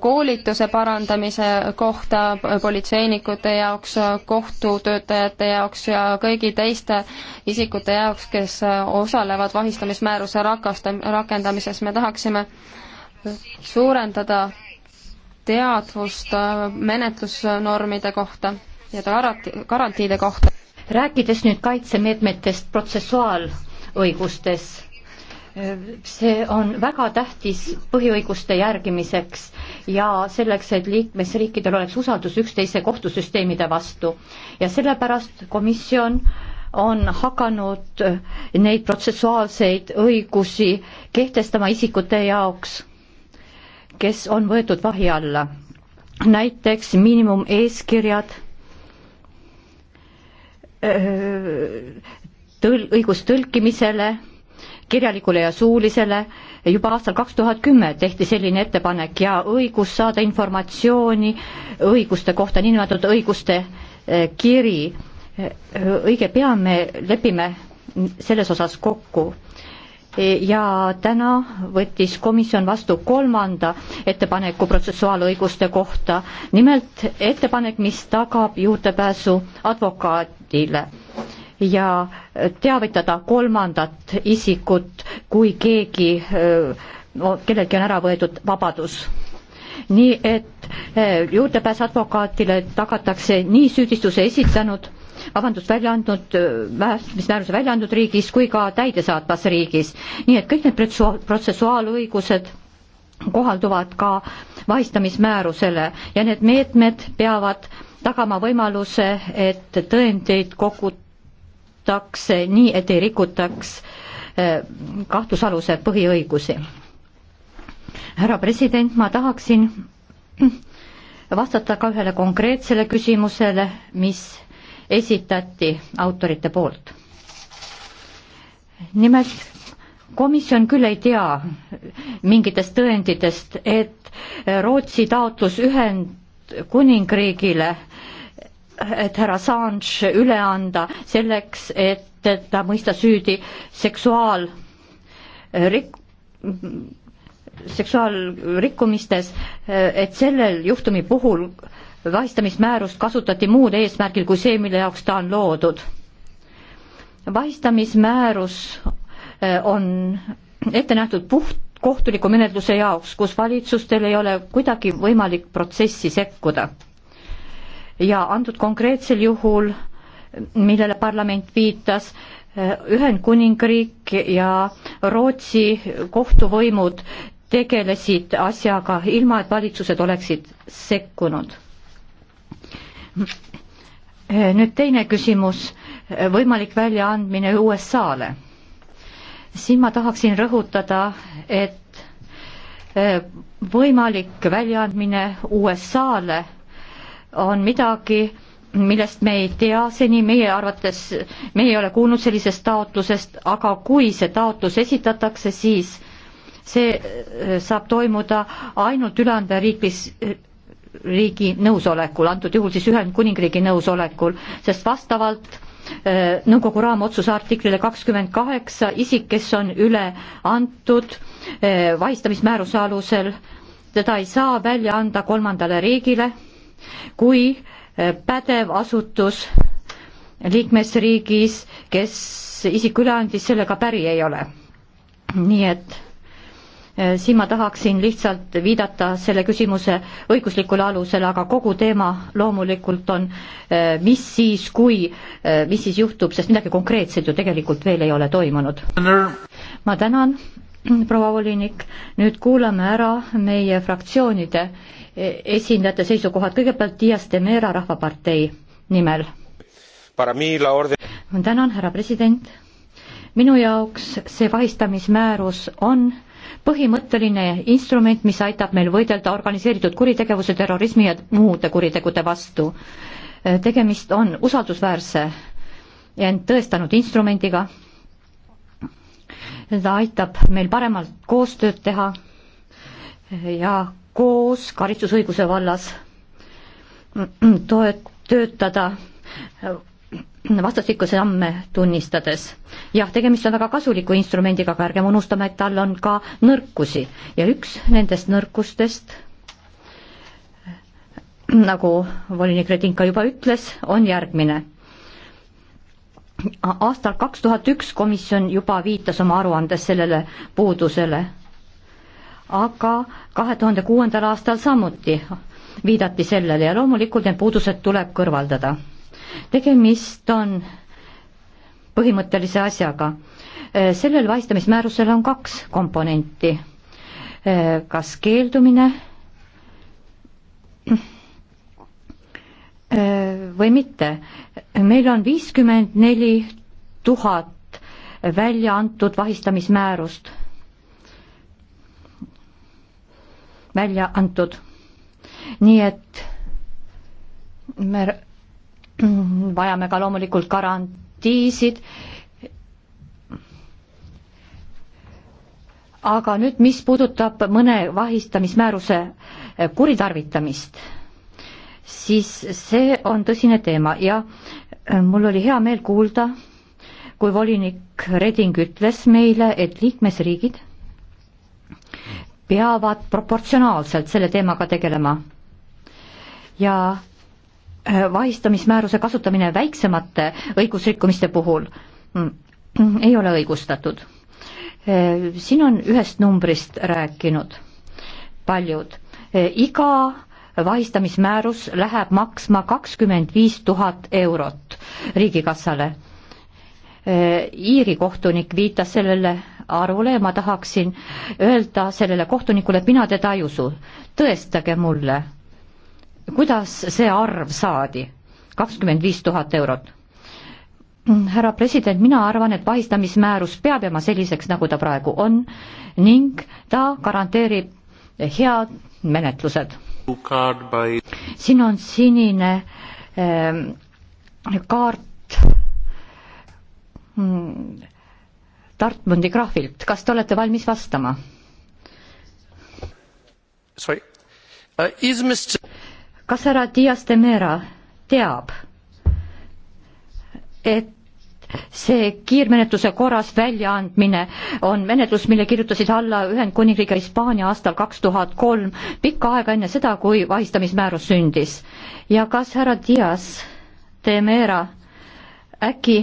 koolituse parandamise kohta politseinikute jaoks, kohtutöötajate jaoks ja kõigi teiste isikute jaoks, kes osalevad vahistamismääruse rakastam-, rakendamises, me tahaksime suurendada teadvust menetlusnormide kohta ja garanti-, garantiide kohta. rääkides nüüd kaitsemeetmetest protsessuaalõigustes, see on väga tähtis põhiõiguste järgimiseks ja selleks, et liikmesriikidel oleks usaldus üksteise kohtusüsteemide vastu. ja sellepärast komisjon on hakanud neid protsessuaalseid õigusi kehtestama isikute jaoks, kes on võetud vahi alla. näiteks miinimumeeskirjad, äh, tõl-, õigus tõlkimisele kirjalikule ja suulisele. juba aastal kaks tuhat kümme tehti selline ettepanek ja õigus saada informatsiooni õiguste kohta, niinimetatud õiguste eh, kiri. õige pea me lepime selles osas kokku e, ja täna võttis komisjon vastu kolmanda ettepaneku protsessuaalõiguste kohta, nimelt ettepanek, mis tagab juurdepääsu advokaadile ja teavitada kolmandat isikut, kui keegi, no kellelgi on ära võetud vabadus. nii et juurdepääs advokaatile tagatakse nii süüdistuse esitanud, vabandust, välja andnud, väärtmismääruse välja andnud riigis kui ka täidesaatvas riigis. nii et kõik need protsessuaalõigused kohalduvad ka vahistamismäärusele ja need meetmed peavad tagama võimaluse, et tõendeid kogu, kaitstaks nii, et ei rikutaks eh, kahtlusaluse põhiõigusi. härra president, ma tahaksin vastata ka ühele konkreetsele küsimusele, mis esitati autorite poolt. nimelt komisjon küll ei tea mingitest tõenditest, et Rootsi taotlus ühend kuningriigile et härra Assange üle anda selleks, et teda mõista süüdi seksuaal rik-, seksuaalrikkumistes, et sellel juhtumi puhul vahistamismäärust kasutati muul eesmärgil kui see, mille jaoks ta on loodud. vahistamismäärus eh, on ette nähtud puht kohtuliku menetluse jaoks, kus valitsustel ei ole kuidagi võimalik protsessi sekkuda ja antud konkreetsel juhul, millele parlament viitas, Ühendkuningriik ja Rootsi kohtuvõimud tegelesid asjaga, ilma et valitsused oleksid sekkunud. nüüd teine küsimus, võimalik väljaandmine USA-le. siin ma tahaksin rõhutada, et võimalik väljaandmine USA-le on midagi, millest me ei tea seni, meie arvates, me ei ole kuulnud sellisest taotlusest, aga kui see taotlus esitatakse, siis see äh, saab toimuda ainult üleanderiigis äh, riigi nõusolekul, antud juhul siis Ühendkuningriigi nõusolekul, sest vastavalt äh, nõukogu raamotsuse artiklile kakskümmend kaheksa isik, kes on üle antud vahistamismääruse alusel, teda ei saa välja anda kolmandale riigile kui eh, pädev asutus liikmesriigis, kes isiku üle andis, sellega päri ei ole. nii et eh, siin ma tahaksin lihtsalt viidata selle küsimuse õiguslikule alusele, aga kogu teema loomulikult on eh, mis siis, kui, mis siis juhtub, sest midagi konkreetset ju tegelikult veel ei ole toimunud. ma tänan, proua volinik, nüüd kuulame ära meie fraktsioonide E, esindajate seisukohad, kõigepealt Dias de Mera Rahvapartei nimel. ma tänan, härra president. minu jaoks see vahistamismäärus on põhimõtteline instrument, mis aitab meil võidelda organiseeritud kuritegevuse, terrorismi ja muude kuritegude vastu. E, tegemist on usaldusväärse end tõestanud instrumendiga, ta aitab meil paremalt koostööd teha ja koos karistusõiguse vallas toet-, töötada vastastikku samme tunnistades. jah, tegemist on väga kasuliku instrumendiga, aga ärgem unustame, et tal on ka nõrkusi ja üks nendest nõrkustest, nagu volinik Redinka juba ütles, on järgmine. aastal kaks tuhat üks komisjon juba viitas oma aruandes sellele puudusele aga kahe tuhande kuuendal aastal samuti viidati sellele ja loomulikult need puudused tuleb kõrvaldada. tegemist on põhimõttelise asjaga. sellel vahistamismäärusel on kaks komponenti. kas keeldumine või mitte. meil on viiskümmend neli tuhat välja antud vahistamismäärust välja antud. nii et me vajame ka loomulikult garantiisid. aga nüüd, mis puudutab mõne vahistamismääruse eh, kuritarvitamist, siis see on tõsine teema ja eh, mul oli hea meel kuulda, kui volinik Reding ütles meile, et liikmesriigid peavad proportsionaalselt selle teemaga tegelema. ja äh, vahistamismääruse kasutamine väiksemate õigusrikkumiste puhul mm, mm, ei ole õigustatud. Äh, siin on ühest numbrist rääkinud paljud. Äh, iga vahistamismäärus läheb maksma kakskümmend viis tuhat eurot riigikassale. Iiri kohtunik viitas sellele arvule ja ma tahaksin öelda sellele kohtunikule, et mina teda ei usu. tõestage mulle, kuidas see arv saadi, kakskümmend viis tuhat eurot. härra president, mina arvan, et vahistamismäärus peab jääma selliseks, nagu ta praegu on ning ta garanteerib head menetlused. siin on sinine ähm, kaart mm, Dartmundi graafilt, kas te olete valmis vastama? Uh, kas härra Dias de Mera teab, et see kiirmenetluse korras väljaandmine on menetlus, mille kirjutasid alla Ühendkuningriik ja Hispaania aastal kaks tuhat kolm, pikka aega enne seda, kui vahistamismäärus sündis. ja kas härra Dias de Mera äkki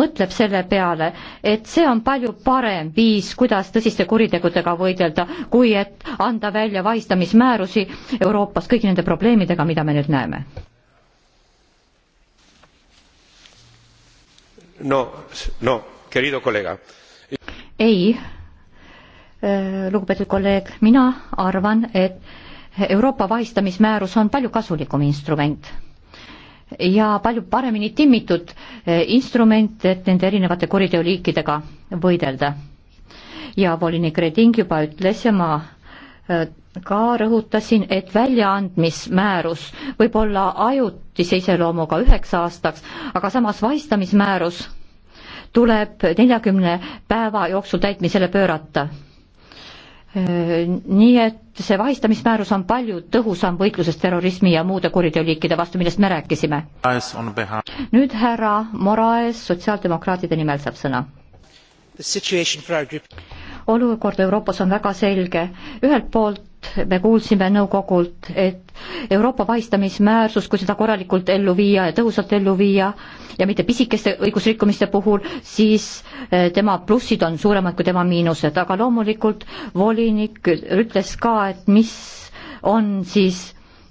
mõtleb selle peale, et see on palju parem viis, kuidas tõsiste kuritegudega võidelda, kui et anda välja vahistamismäärusi Euroopas kõigi nende probleemidega, mida me nüüd näeme. no, no, querido kolleega. ei, äh, lugupeetud kolleeg, mina arvan, et Euroopa vahistamismäärus on palju kasulikum instrument ja palju paremini timmitud eh, instrument, et nende erinevate kuriteoliikidega võidelda. ja volinik Reding juba ütles ja ma eh, ka rõhutasin, et väljaandmismäärus võib olla ajutise iseloomuga üheks aastaks, aga samas vaistamismäärus tuleb neljakümne päeva jooksul täitmisele pöörata nii et see vahistamismäärus on palju tõhusam võitluses terrorismi ja muude kuriteoliikide vastu, millest me rääkisime. nüüd härra Moraes sotsiaaldemokraatide nimel saab sõna. olukord Euroopas on väga selge, ühelt poolt me kuulsime nõukogult, et Euroopa vahistamismäärsus, kui seda korralikult ellu viia ja tõhusalt ellu viia ja mitte pisikeste õigusrikkumiste puhul, siis eh, tema plussid on suuremad kui tema miinused, aga loomulikult volinik ütles ka, et mis on siis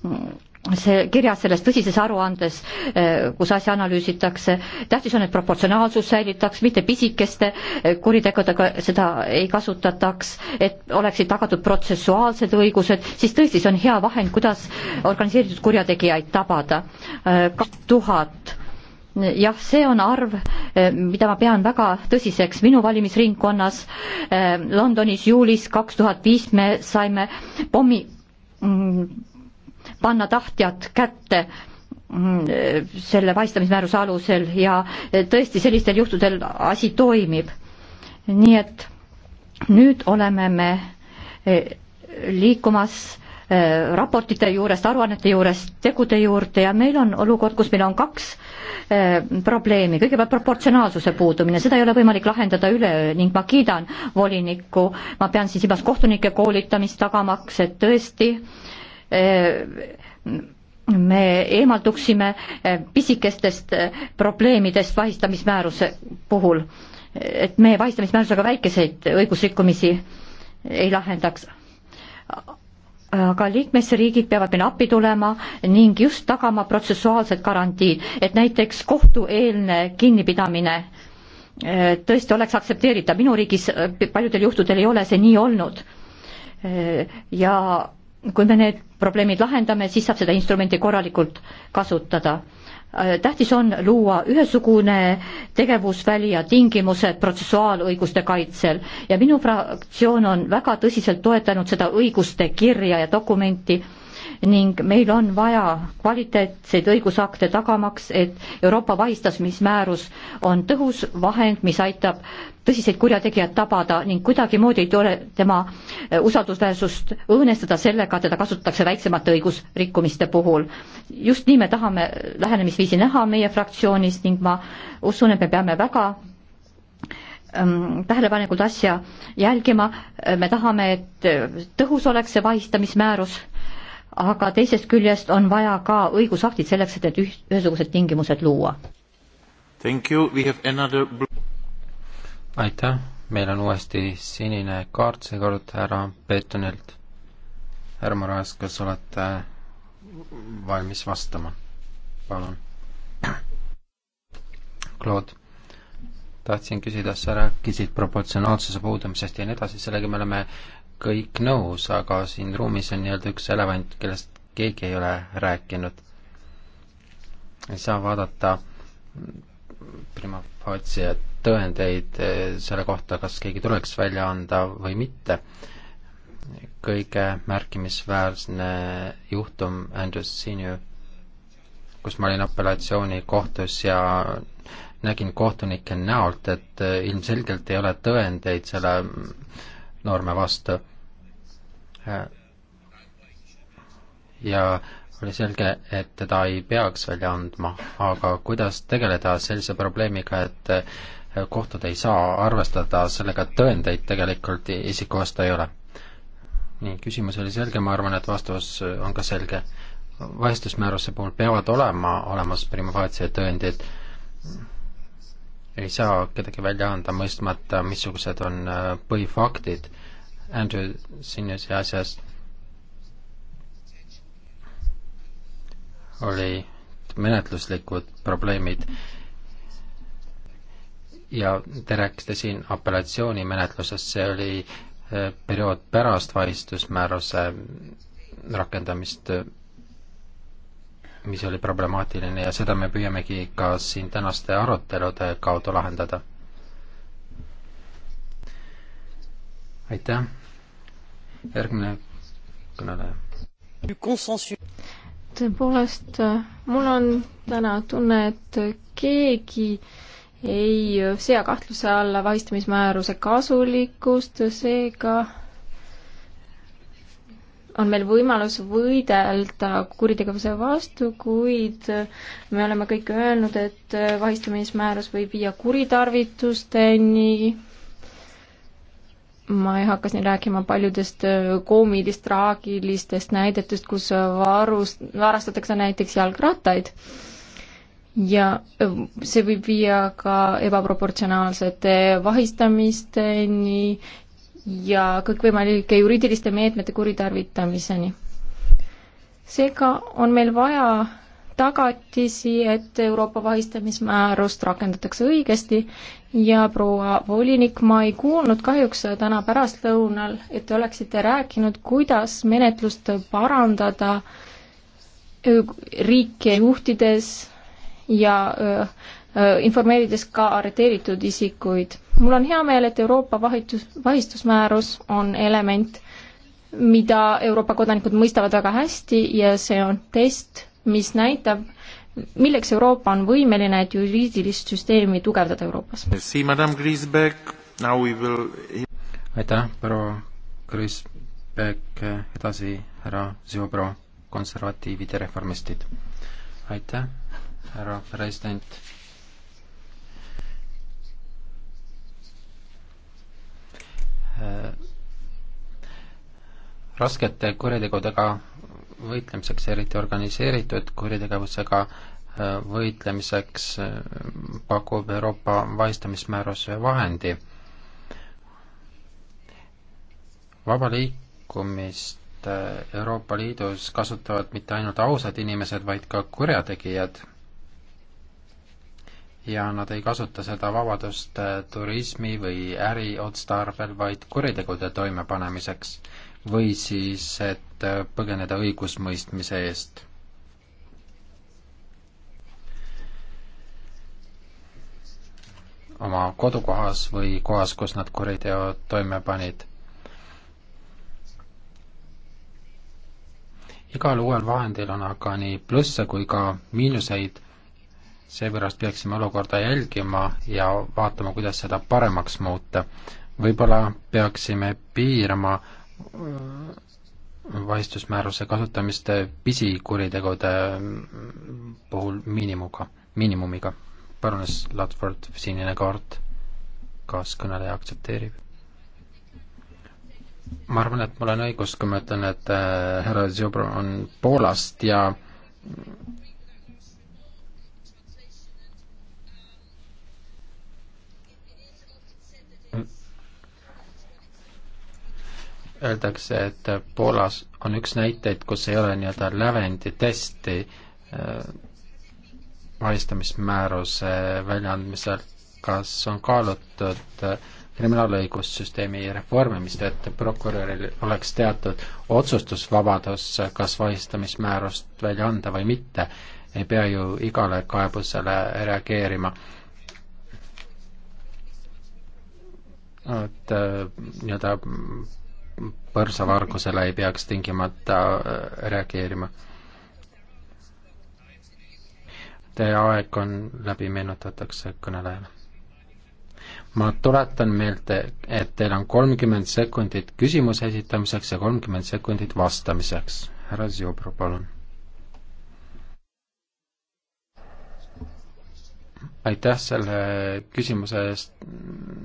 mm, see kirjas selles tõsises aruandes, eh, kus asja analüüsitakse, tähtis on, et proportsionaalsus säilitaks, mitte pisikeste eh, kuritegudega seda ei kasutataks, et oleksid tagatud protsessuaalsed õigused, siis tõesti, see on hea vahend, kuidas organiseeritud kurjategijaid tabada. Eh, kaks tuhat jah, see on arv, mida ma pean väga tõsiseks. minu valimisringkonnas Londonis juulis kaks tuhat viis me saime pommi mm, panna tahtjad kätte mm, selle vaistamismääruse alusel ja tõesti sellistel juhtudel asi toimib. nii et nüüd oleme me e, liikumas e, raportite juurest, aruannete juurest tegude juurde ja meil on olukord, kus meil on kaks e, probleemi, kõigepealt proportsionaalsuse puudumine, seda ei ole võimalik lahendada üleöö ning ma kiidan volinikku, ma pean siin silmas kohtunike koolitamist tagamaks, et tõesti äh, Äh, me eemalduksime äh, pisikestest äh, probleemidest vahistamismääruse puhul, et me vahistamismäärusega väikeseid õigusrikkumisi ei lahendaks. aga liikmesriigid peavad meile appi tulema ning just tagama protsessuaalsed garantiid, et näiteks kohtueelne kinnipidamine tõesti oleks aktsepteeritav, minu riigis paljudel juhtudel ei ole see nii olnud. ja kui me need probleemid lahendame, siis saab seda instrumenti korralikult kasutada. Äh, tähtis on luua ühesugune tegevusväli ja tingimused protsessuaalõiguste kaitsel ja minu fraktsioon on väga tõsiselt toetanud seda õiguste kirja ja dokumenti ning meil on vaja kvaliteetseid õigusakte tagamaks, et Euroopa vahistamismäärus on tõhus vahend, mis aitab tõsiseid kurjategijad tabada ning kuidagimoodi ei tule tema äh, usaldusväärsust õõnestada sellega, teda kasutatakse väiksemate õigusrikkumiste puhul. just nii me tahame lähenemisviisi näha meie fraktsioonis ning ma usun, et me peame väga ähm, tähelepanelikult asja jälgima, äh, me tahame, et äh, tõhus oleks see vahistamismäärus aga teisest küljest on vaja ka õigusaktid selleks, et need üht, ühesugused tingimused luua. Another... aitäh, meil on uuesti sinine kaart, seekord härra Peetonilt. härra Moraes, kas olete valmis vastama? palun. Claude, tahtsin küsida, sa rääkisid proportsionaalsuse puudumisest ja nii edasi, sellega me oleme kõik nõus, aga siin ruumis on nii-öelda üks elevant, kellest keegi ei ole rääkinud. ei saa vaadata prima facie tõendeid eh, selle kohta, kas keegi tuleks välja anda või mitte. kõige märkimisväärne juhtum Andrus Senior, kus ma olin apellatsioonikohtus ja nägin kohtunike näolt, et eh, ilmselgelt ei ole tõendeid selle norme vastu. ja oli selge, et teda ei peaks välja andma, aga kuidas tegeleda sellise probleemiga, et kohtud ei saa arvestada sellega, et tõendeid tegelikult isiku vastu ei ole? nii, küsimus oli selge, ma arvan, et vastus on ka selge. vahistusmääruse puhul peavad olema olemas prima facie tõendid, ei saa kedagi välja anda, mõistmata, missugused on äh, põhifaktid Andrew Sinise asjas oli menetluslikud probleemid ja te rääkisite siin apellatsioonimenetlusest, see oli äh, periood pärast vahistusmääruse rakendamist mis oli problemaatiline ja seda me püüamegi ka siin tänaste arutelude kaudu lahendada. aitäh, järgmine kõneleja. tõepoolest, mul on täna tunne, et keegi ei sea kahtluse alla vahistamismääruse kasulikkust, seega ka on meil võimalus võidelda kuritegevuse vastu, kuid me oleme kõik öelnud, et vahistamismäärus võib viia kuritarvitusteni, ma ei hakka siin rääkima paljudest koomilist, traagilistest näidetest, kus varus, varastatakse näiteks jalgrattaid ja see võib viia ka ebaproportsionaalsete vahistamisteni ja kõikvõimalike juriidiliste meetmete kuritarvitamiseni. seega on meil vaja tagatisi, et Euroopa vahistamismäärust rakendatakse õigesti ja proua volinik, ma ei kuulnud kahjuks täna pärastlõunal, et te oleksite rääkinud, kuidas menetlust parandada riike juhtides ja öö, Äh, informeerides ka arreteeritud isikuid. mul on hea meel, et Euroopa vahitus, vahistusmäärus on element, mida Euroopa kodanikud mõistavad väga hästi ja see on test, mis näitab, milleks Euroopa on võimeline, et juriidilist süsteemi tugevdada Euroopas. Will... aitäh, proua Kriisbeck, edasi härra Ziobro, konservatiivid ja reformistid. aitäh, härra president Äh, raskete kuritegudega võitlemiseks, eriti organiseeritud kuritegevusega äh, võitlemiseks äh, pakub Euroopa vahistamismääruse vahendi. vaba liikumist Euroopa Liidus kasutavad mitte ainult ausad inimesed, vaid ka kurjategijad ja nad ei kasuta seda vabadust äh, turismi või äriotstarbel, vaid kuritegude toimepanemiseks või siis, et äh, põgeneda õigusmõistmise eest. oma kodukohas või kohas, kus nad kuriteo toime panid. igal uuel vahendil on aga nii plusse kui ka miinuseid seepärast peaksime olukorda jälgima ja vaatama, kuidas seda paremaks muuta. võib-olla peaksime piirama äh, vahistusmääruse kasutamist pisikuritegude mm, puhul miinimumiga, miinimumiga. Baroness Ludford, sinine kaart, kas kõneleja aktsepteerib? ma arvan, et mul on õigus, kui ma ütlen, et äh, härra Zjobro on Poolast ja öeldakse, et Poolas on üks näiteid, kus ei ole nii-öelda lävendi testi äh, vahistamismääruse väljaandmisel, kas on kaalutud äh, kriminaalõigussüsteemi reformimist, et prokuröril oleks teatud otsustusvabadus, kas vahistamismäärust välja anda või mitte, ei pea ju igale kaebusele reageerima et äh, nii-öelda põrsavargusele ei peaks tingimata äh, reageerima. Teie aeg on läbi, meenutatakse kõnelejale. ma tuletan meelde, et teil on kolmkümmend sekundit küsimuse esitamiseks ja kolmkümmend sekundit vastamiseks. härra Zjobro, palun. aitäh selle küsimuse eest,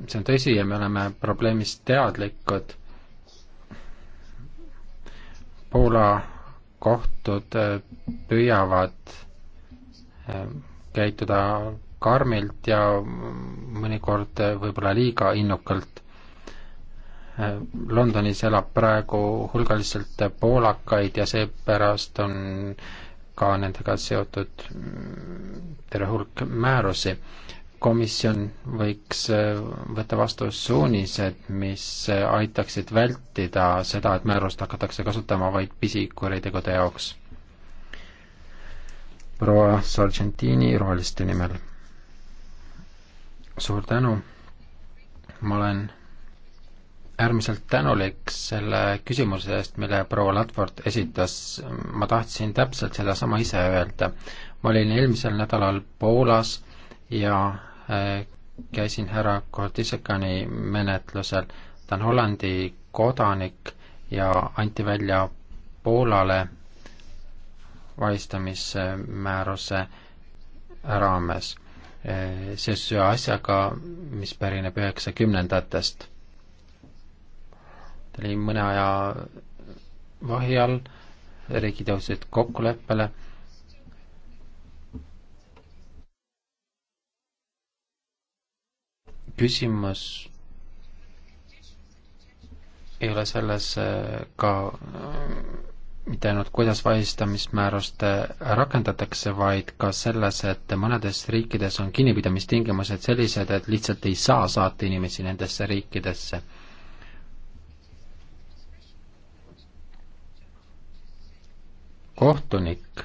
see on tõsi ja me oleme probleemist teadlikud Poola kohtud äh, püüavad äh, käituda karmilt ja mõnikord äh, võib-olla liiga innukalt. Londonis elab praegu hulgaliselt poolakaid ja seepärast on ka nendega seotud mm, terve hulk määrusi komisjon võiks äh, võtta vastu suunised, mis äh, aitaksid vältida seda, et määrust hakatakse kasutama vaid pisikuritegude jaoks. proua Sargentini roheliste nimel. suur tänu, ma olen äärmiselt tänulik selle küsimuse eest, mille proua Ladford esitas, ma tahtsin täpselt sedasama ise öelda. ma olin eelmisel nädalal Poolas ja äh, käisin härra Kordisekani menetlusel, ta on Hollandi kodanik ja anti välja Poolale vahistamismääruse raames äh, seoses ühe asjaga, mis pärineb üheksakümnendatest. ta oli mõne aja vahi all, riigid jõudsid kokkuleppele küsimus ei ole selles äh, ka äh, mitte ainult, kuidas vahistamismäärust äh, rakendatakse, vaid ka selles, et mõnedes riikides on kinnipidamistingimused sellised, et lihtsalt ei saa saata inimesi nendesse riikidesse. kohtunik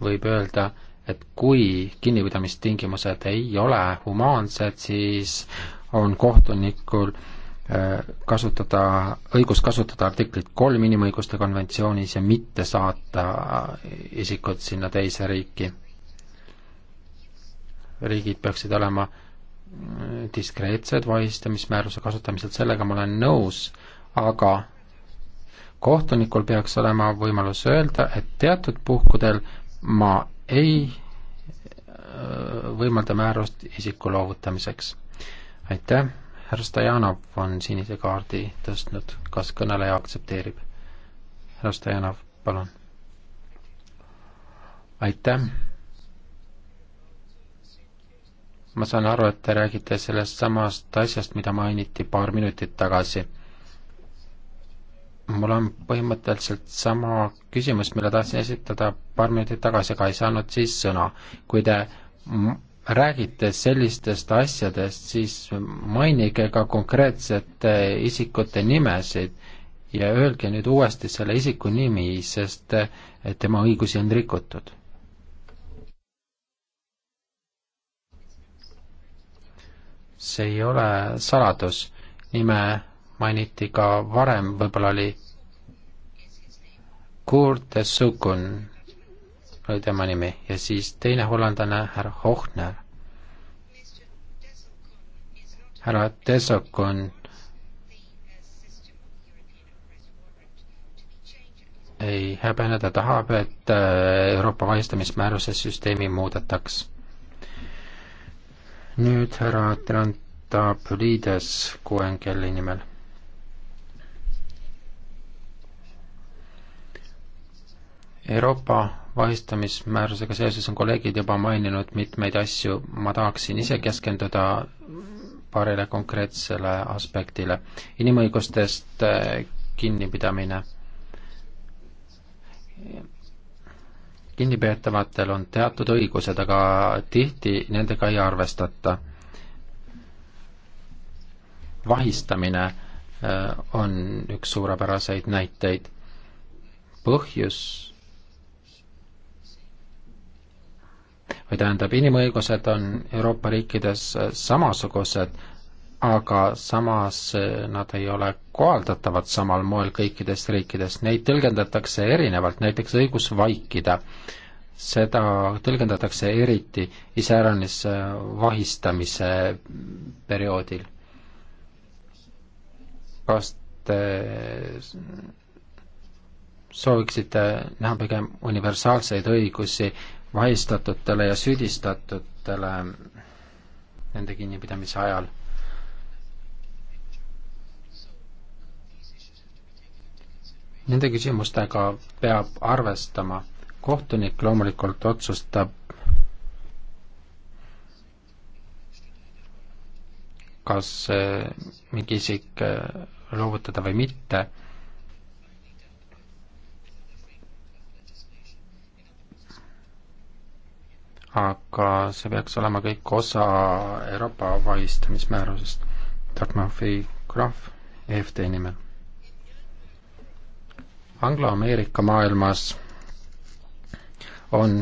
võib öelda, et kui kinnipidamistingimused ei ole humaansed, siis on kohtunikul äh, kasutada, õigus kasutada artiklit kolm inimõiguste konventsioonis ja mitte saata äh, isikut sinna teise riiki. riigid peaksid olema äh, diskreetsed vahistamismääruse kasutamisel, sellega ma olen nõus, aga kohtunikul peaks olema võimalus öelda, et teatud puhkudel ma ei äh, võimalda määrust isiku loovutamiseks. aitäh, härra Stojanov on sinise kaardi tõstnud, kas kõneleja aktsepteerib? härra Stojanov, palun. aitäh. ma saan aru, et te räägite sellest samast asjast, mida mainiti paar minutit tagasi mul on põhimõtteliselt sama küsimus, mille tahtsin esitada paar minutit tagasi, aga ei saanud siis sõna. kui te räägite sellistest asjadest, siis mainige ka konkreetsete isikute nimesid ja öelge nüüd uuesti selle isiku nimi, sest tema õigusi on rikutud. see ei ole saladus, nime mainiti ka varem, võib-olla oli Kurt de Sukun oli tema nimi ja siis teine hollandlane, härra Hochner. härra Desokon ei häbene, ta tahab, et äh, Euroopa vahistamismääruse süsteemi muudetaks. nüüd härra Trantapulides Kuengeli nimel Euroopa vahistamismäärusega seoses on kolleegid juba maininud mitmeid asju, ma tahaksin ise keskenduda paarile konkreetsele aspektile. inimõigustest eh, kinnipidamine. kinnipeetavatel on teatud õigused, aga tihti nendega ei arvestata. vahistamine eh, on üks suurepäraseid näiteid. põhjus või tähendab, inimõigused on Euroopa riikides samasugused, aga samas nad ei ole kohaldatavad samal moel kõikides riikides, neid tõlgendatakse erinevalt, näiteks õigus vaikida, seda tõlgendatakse eriti iseäranis äh, vahistamise perioodil. kas te sooviksite näha pigem universaalseid õigusi vahistatutele ja süüdistatutele nende kinnipidamise ajal. Nende küsimustega peab arvestama. kohtunik loomulikult otsustab kas eh, mingi isik eh, loovutada või mitte aga see peaks olema kõik osa Euroopa vahistamismäärusest. Dartmouthi krahv EFT nimel. Anglo-Ameerika maailmas on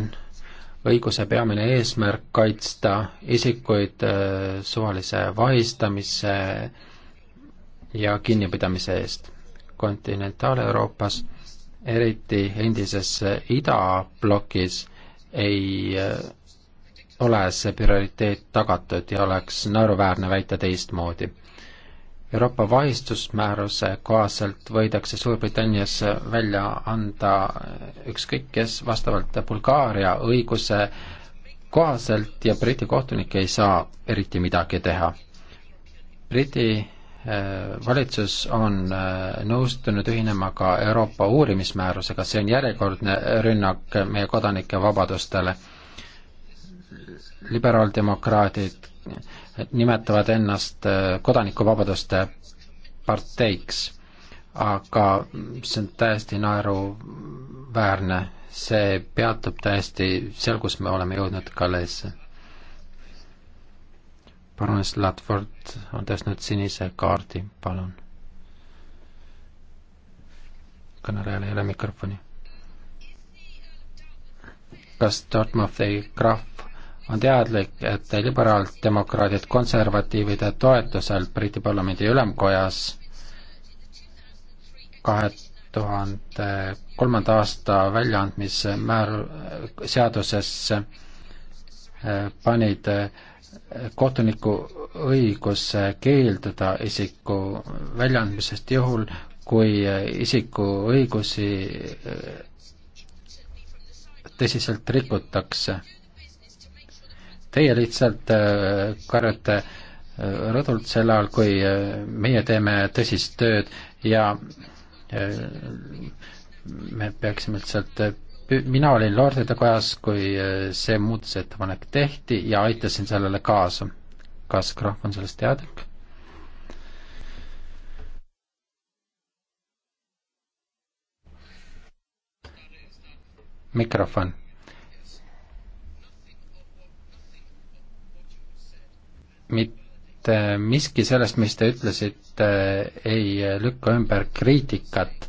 õiguse peamine eesmärk kaitsta isikuid äh, suvalise vahistamise ja kinnipidamise eest. kontinentaal-Euroopas, eriti endises idablokis, ei äh, ole see prioriteet tagatud ja oleks naeruväärne väita teistmoodi. Euroopa vahistusmääruse kohaselt võidakse Suurbritannias välja anda ükskõik kes vastavalt Bulgaaria õiguse kohaselt ja Briti kohtunik ei saa eriti midagi teha. Briti eh, valitsus on eh, nõustunud ühinema ka Euroopa uurimismäärusega, see on järjekordne rünnak meie kodanike vabadustele liberaaldemokraadid nimetavad ennast äh, kodanikuvabaduste parteiks, aga see on täiesti naeruväärne, see peatub täiesti seal, kus me oleme jõudnud Galeesse. baroness Ladford on tõstnud sinise kaardi, palun. kõnelejal ei ole mikrofoni. kas Dartmouthi krahv on teadlik, et liberaaldemokraadid konservatiivide toetusel Briti parlamendi ülemkojas kahe tuhande kolmanda aasta väljaandmise määr-, seadusesse eh, panid eh, kohtuniku õiguse keelduda isiku väljaandmisest juhul, kui eh, isiku õigusi tõsiselt rikutakse Teie lihtsalt äh, karjute äh, rõdult sel ajal, kui äh, meie teeme tõsist tööd ja me peaksime lihtsalt mina olin Lordide kojas, kui see muudatusettepanek tehti ja aitasin sellele kaasa. kas Krahv on sellest teadlik? mikrofon mitte miski sellest, mis te ütlesite, ei lükka ümber kriitikat,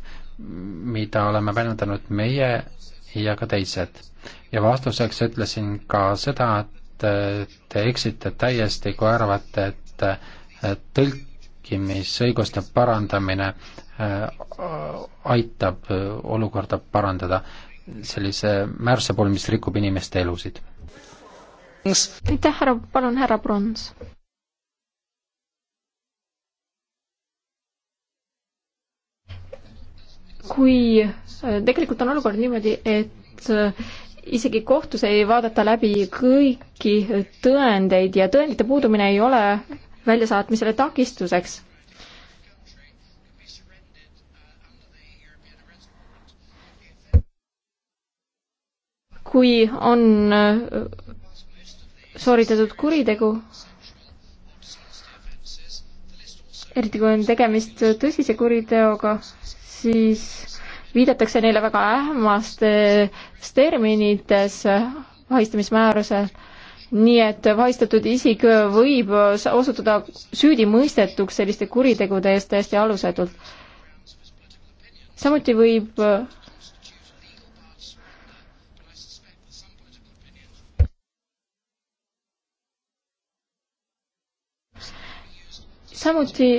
mida oleme väljendanud meie ja ka teised. ja vastuseks ütlesin ka seda, et äh, te eksite täiesti, kui arvate, et äh, tõlkimisõiguste parandamine äh, aitab olukorda parandada sellise määruse puhul, mis rikub inimeste elusid. aitäh, härra, palun härra Prons. kui äh, tegelikult on olukord niimoodi, et äh, isegi kohtus ei vaadata läbi kõiki tõendeid ja tõendite puudumine ei ole väljasaatmisele takistuseks. kui on äh, sooritatud kuritegu, eriti kui on tegemist tõsise kuriteoga, siis viidatakse neile väga ähmastes terminites vahistamismääruse, nii et vahistatud isik võib osutuda süüdimõistetuks selliste kuritegude eest täiesti alusetult. samuti võib samuti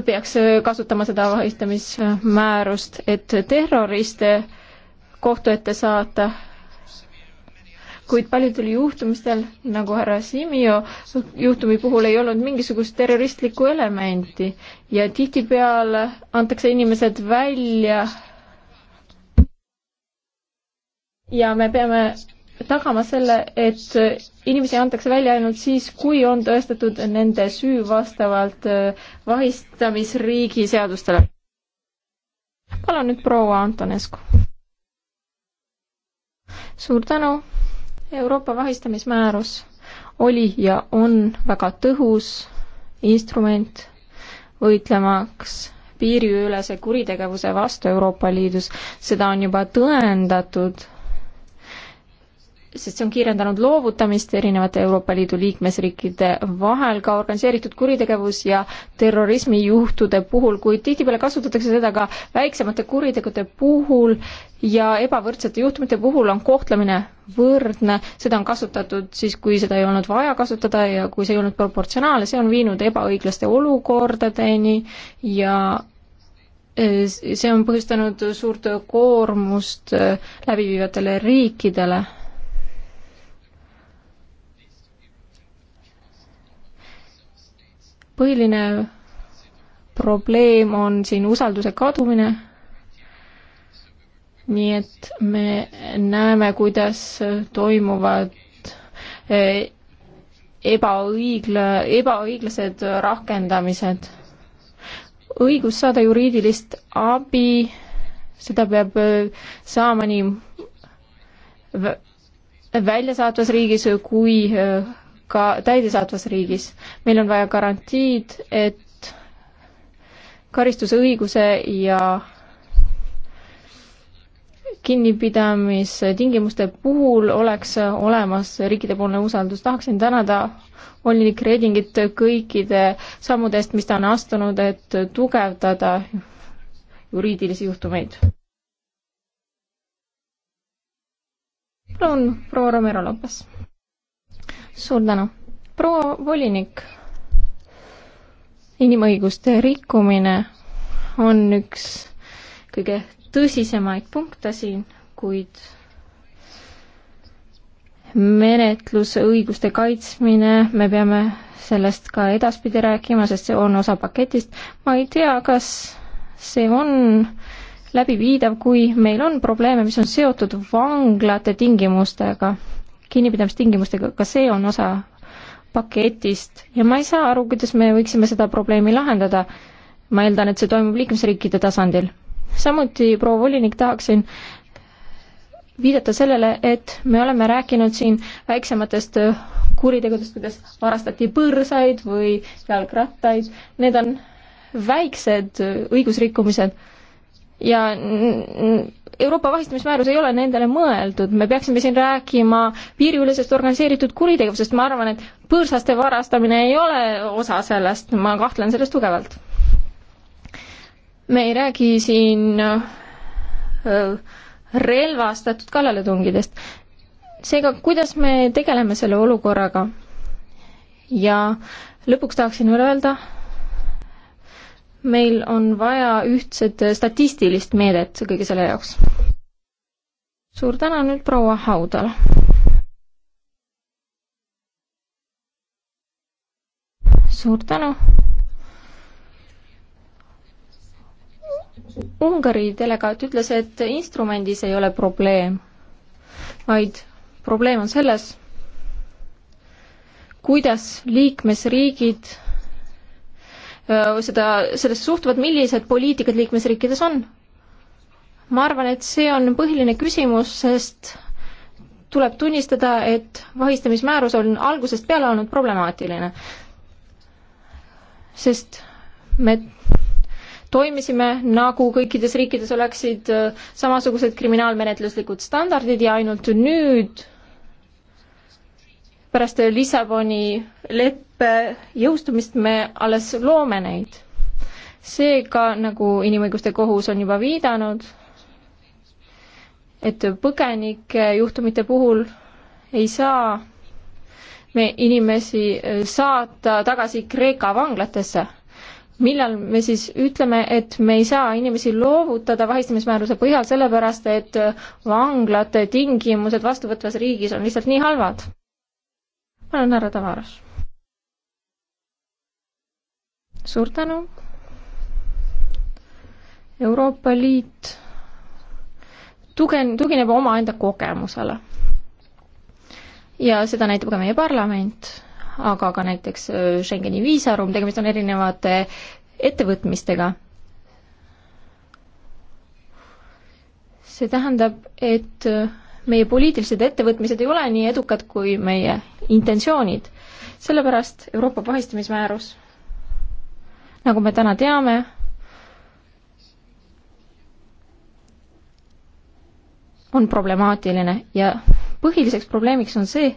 peaks kasutama seda vahistamismäärust, et terroriste kohtu ette saata. kuid paljudel juhtumistel, nagu härra Simio juhtumi puhul, ei olnud mingisugust terroristlikku elementi ja tihtipeale antakse inimesed välja. ja me peame tagama selle, et inimesi antakse välja ainult siis, kui on tõestatud nende süü vastavalt äh, vahistamisriigi seadustele. palun nüüd proua Antonescu. suur tänu. Euroopa vahistamismäärus oli ja on väga tõhus instrument võitlemaks piiriülese kuritegevuse vastu Euroopa Liidus. seda on juba tõendatud sest see on kiirendanud loovutamist erinevate Euroopa Liidu liikmesriikide vahel ka organiseeritud kuritegevus ja terrorismijuhtude puhul, kuid tihtipeale kasutatakse seda ka väiksemate kuritegude puhul ja ebavõrdsete juhtumite puhul on kohtlemine võrdne, seda on kasutatud siis, kui seda ei olnud vaja kasutada ja kui see ei olnud proportsionaalne, see on viinud ebaõiglaste olukordadeni ja e, see on põhjustanud suurt koormust e, läbiviivatele riikidele põhiline probleem on siin usalduse kadumine. nii et me näeme, kuidas toimuvad eh, ebaõigla-, ebaõiglased rakendamised. õigus saada juriidilist abi, seda peab eh, saama nii väljasaatvas riigis kui eh, ka täidesaatvas riigis. meil on vaja garantiid, et karistuse õiguse ja kinnipidamistingimuste puhul oleks olemas riikidepoolne usaldus. tahaksin tänada volinik Redingit kõikide sammude eest, mis ta on astunud, et tugevdada juriidilisi juhtumeid. palun, proua Romero Lopes suur tänu. proua volinik, inimõiguste rikkumine on üks kõige tõsisemaid punkte siin, kuid menetlusõiguste kaitsmine, me peame sellest ka edaspidi rääkima, sest see on osa paketist. ma ei tea, kas see on läbiviidav, kui meil on probleeme, mis on seotud vanglate tingimustega kinnipidamistingimustega, ka see on osa paketist ja ma ei saa aru, kuidas me võiksime seda probleemi lahendada. ma eeldan, et see toimub liikmesriikide tasandil. samuti, proua volinik, tahaksin viidata sellele, et me oleme rääkinud siin väiksematest kuritegudest, kuidas varastati põrsaid või jalgrattaid, need on väiksed õigusrikkumised ja Euroopa vahistamismäärus ei ole nendele mõeldud, me peaksime siin rääkima piiriülesest organiseeritud kuritegevusest, ma arvan, et põõsaste varastamine ei ole osa sellest, ma kahtlen selles tugevalt. me ei räägi siin relvastatud kallaletungidest. seega, kuidas me tegeleme selle olukorraga? ja lõpuks tahaksin veel öelda, meil on vaja ühtset statistilist meedet kõige selle jaoks. suur tänu nüüd proua Haudal. suur tänu. Ungari delegaat ütles, et instrumendis ei ole probleem, vaid probleem on selles, kuidas liikmesriigid seda, sellesse suhtuvad, millised poliitikad liikmesriikides on? ma arvan, et see on põhiline küsimus, sest tuleb tunnistada, et vahistamismäärus on algusest peale olnud problemaatiline. sest me toimisime, nagu kõikides riikides oleksid samasugused kriminaalmenetluslikud standardid ja ainult nüüd pärast Lissaboni let-, leppe jõustumist me alles loome neid. seega, nagu Inimõiguste Kohus on juba viidanud, et põgenike juhtumite puhul ei saa me inimesi eh, saata tagasi Kreeka vanglatesse. millal me siis ütleme, et me ei saa inimesi loovutada vahistamismääruse põhjal, sellepärast et vanglate tingimused vastuvõtvas riigis on lihtsalt nii halvad? ma olen härra Tavares suur tänu. Euroopa Liit tugen-, tugineb omaenda kogemusele. ja seda näitab ka meie parlament, aga ka näiteks äh, Schengeni viisaruum, tegemist on erinevate ettevõtmistega. see tähendab, et äh, meie poliitilised ettevõtmised ei ole nii edukad kui meie intentsioonid. sellepärast Euroopa vahistamismäärus nagu me täna teame, on problemaatiline ja põhiliseks probleemiks on see,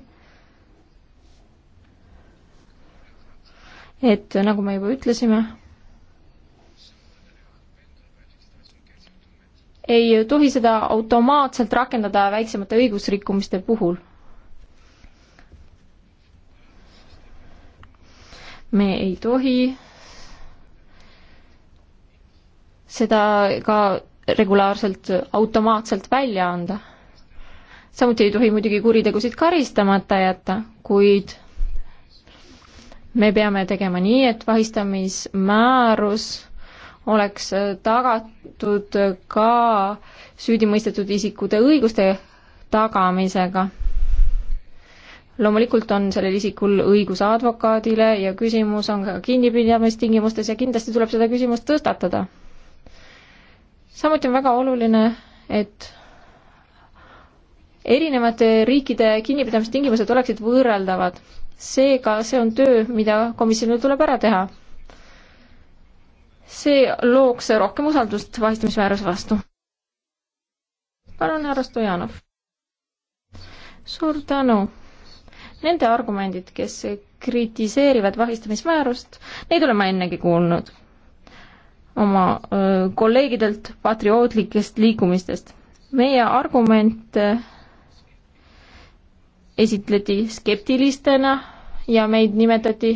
et nagu me juba ütlesime, ei tohi seda automaatselt rakendada väiksemate õigusrikkumiste puhul. me ei tohi seda ka regulaarselt automaatselt välja anda. samuti ei tohi muidugi kuritegusid karistamata jätta, kuid me peame tegema nii, et vahistamismäärus oleks tagatud ka süüdimõistetud isikute õiguste tagamisega. loomulikult on sellel isikul õigus advokaadile ja küsimus on ka kinnipidamistingimustes ja kindlasti tuleb seda küsimust tõstatada samuti on väga oluline, et erinevate riikide kinnipidamistingimused oleksid võrreldavad. seega see on töö, mida komisjonil tuleb ära teha. see looks rohkem usaldust vahistamismääruse vastu. palun, härra Stojanov. suur tänu. Nende argumendid, kes kritiseerivad vahistamismäärust, neid olen ma ennegi kuulnud oma kolleegidelt patriootlikest liikumistest. meie argument esitleti skeptilistena ja meid nimetati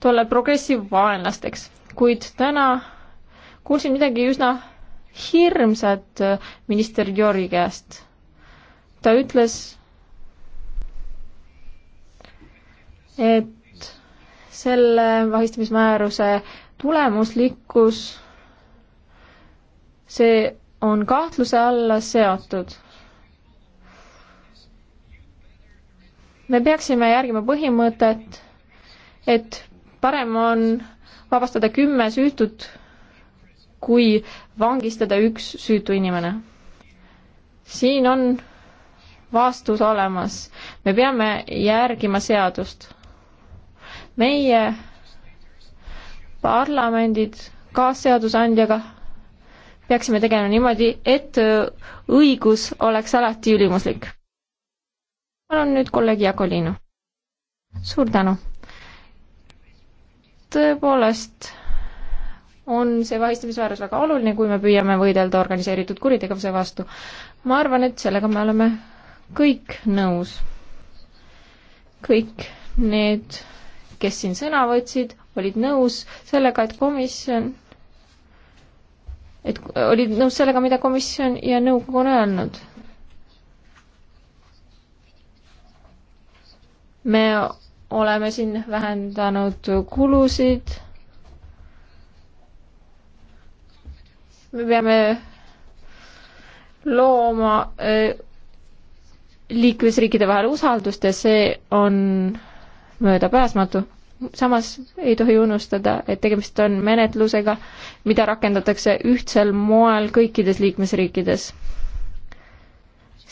tolle progressiivvaenlasteks, kuid täna kuulsin midagi üsna hirmsat minister Jori käest. ta ütles, et selle vahistamismääruse tulemuslikkus, see on kahtluse alla seatud. me peaksime järgima põhimõtet, et parem on vabastada kümme süütut, kui vangistada üks süütu inimene. siin on vastus olemas, me peame järgima seadust. meie parlamendid kaasseadusandjaga peaksime tegema niimoodi, et äh, õigus oleks alati ülimuslik. palun nüüd kolleeg Jakolino. suur tänu. tõepoolest on see vahistamisväärus väga oluline, kui me püüame võidelda organiseeritud kuritegevuse vastu. ma arvan, et sellega me oleme kõik nõus. kõik need, kes siin sõna võtsid, olid nõus sellega, et komisjon, et olid nõus sellega, mida komisjon ja nõukogu on öelnud. me oleme siin vähendanud kulusid, me peame looma eh, liikmesriikide vahel usaldust ja see on möödapääsmatu samas ei tohi unustada, et tegemist on menetlusega, mida rakendatakse ühtsel moel kõikides liikmesriikides.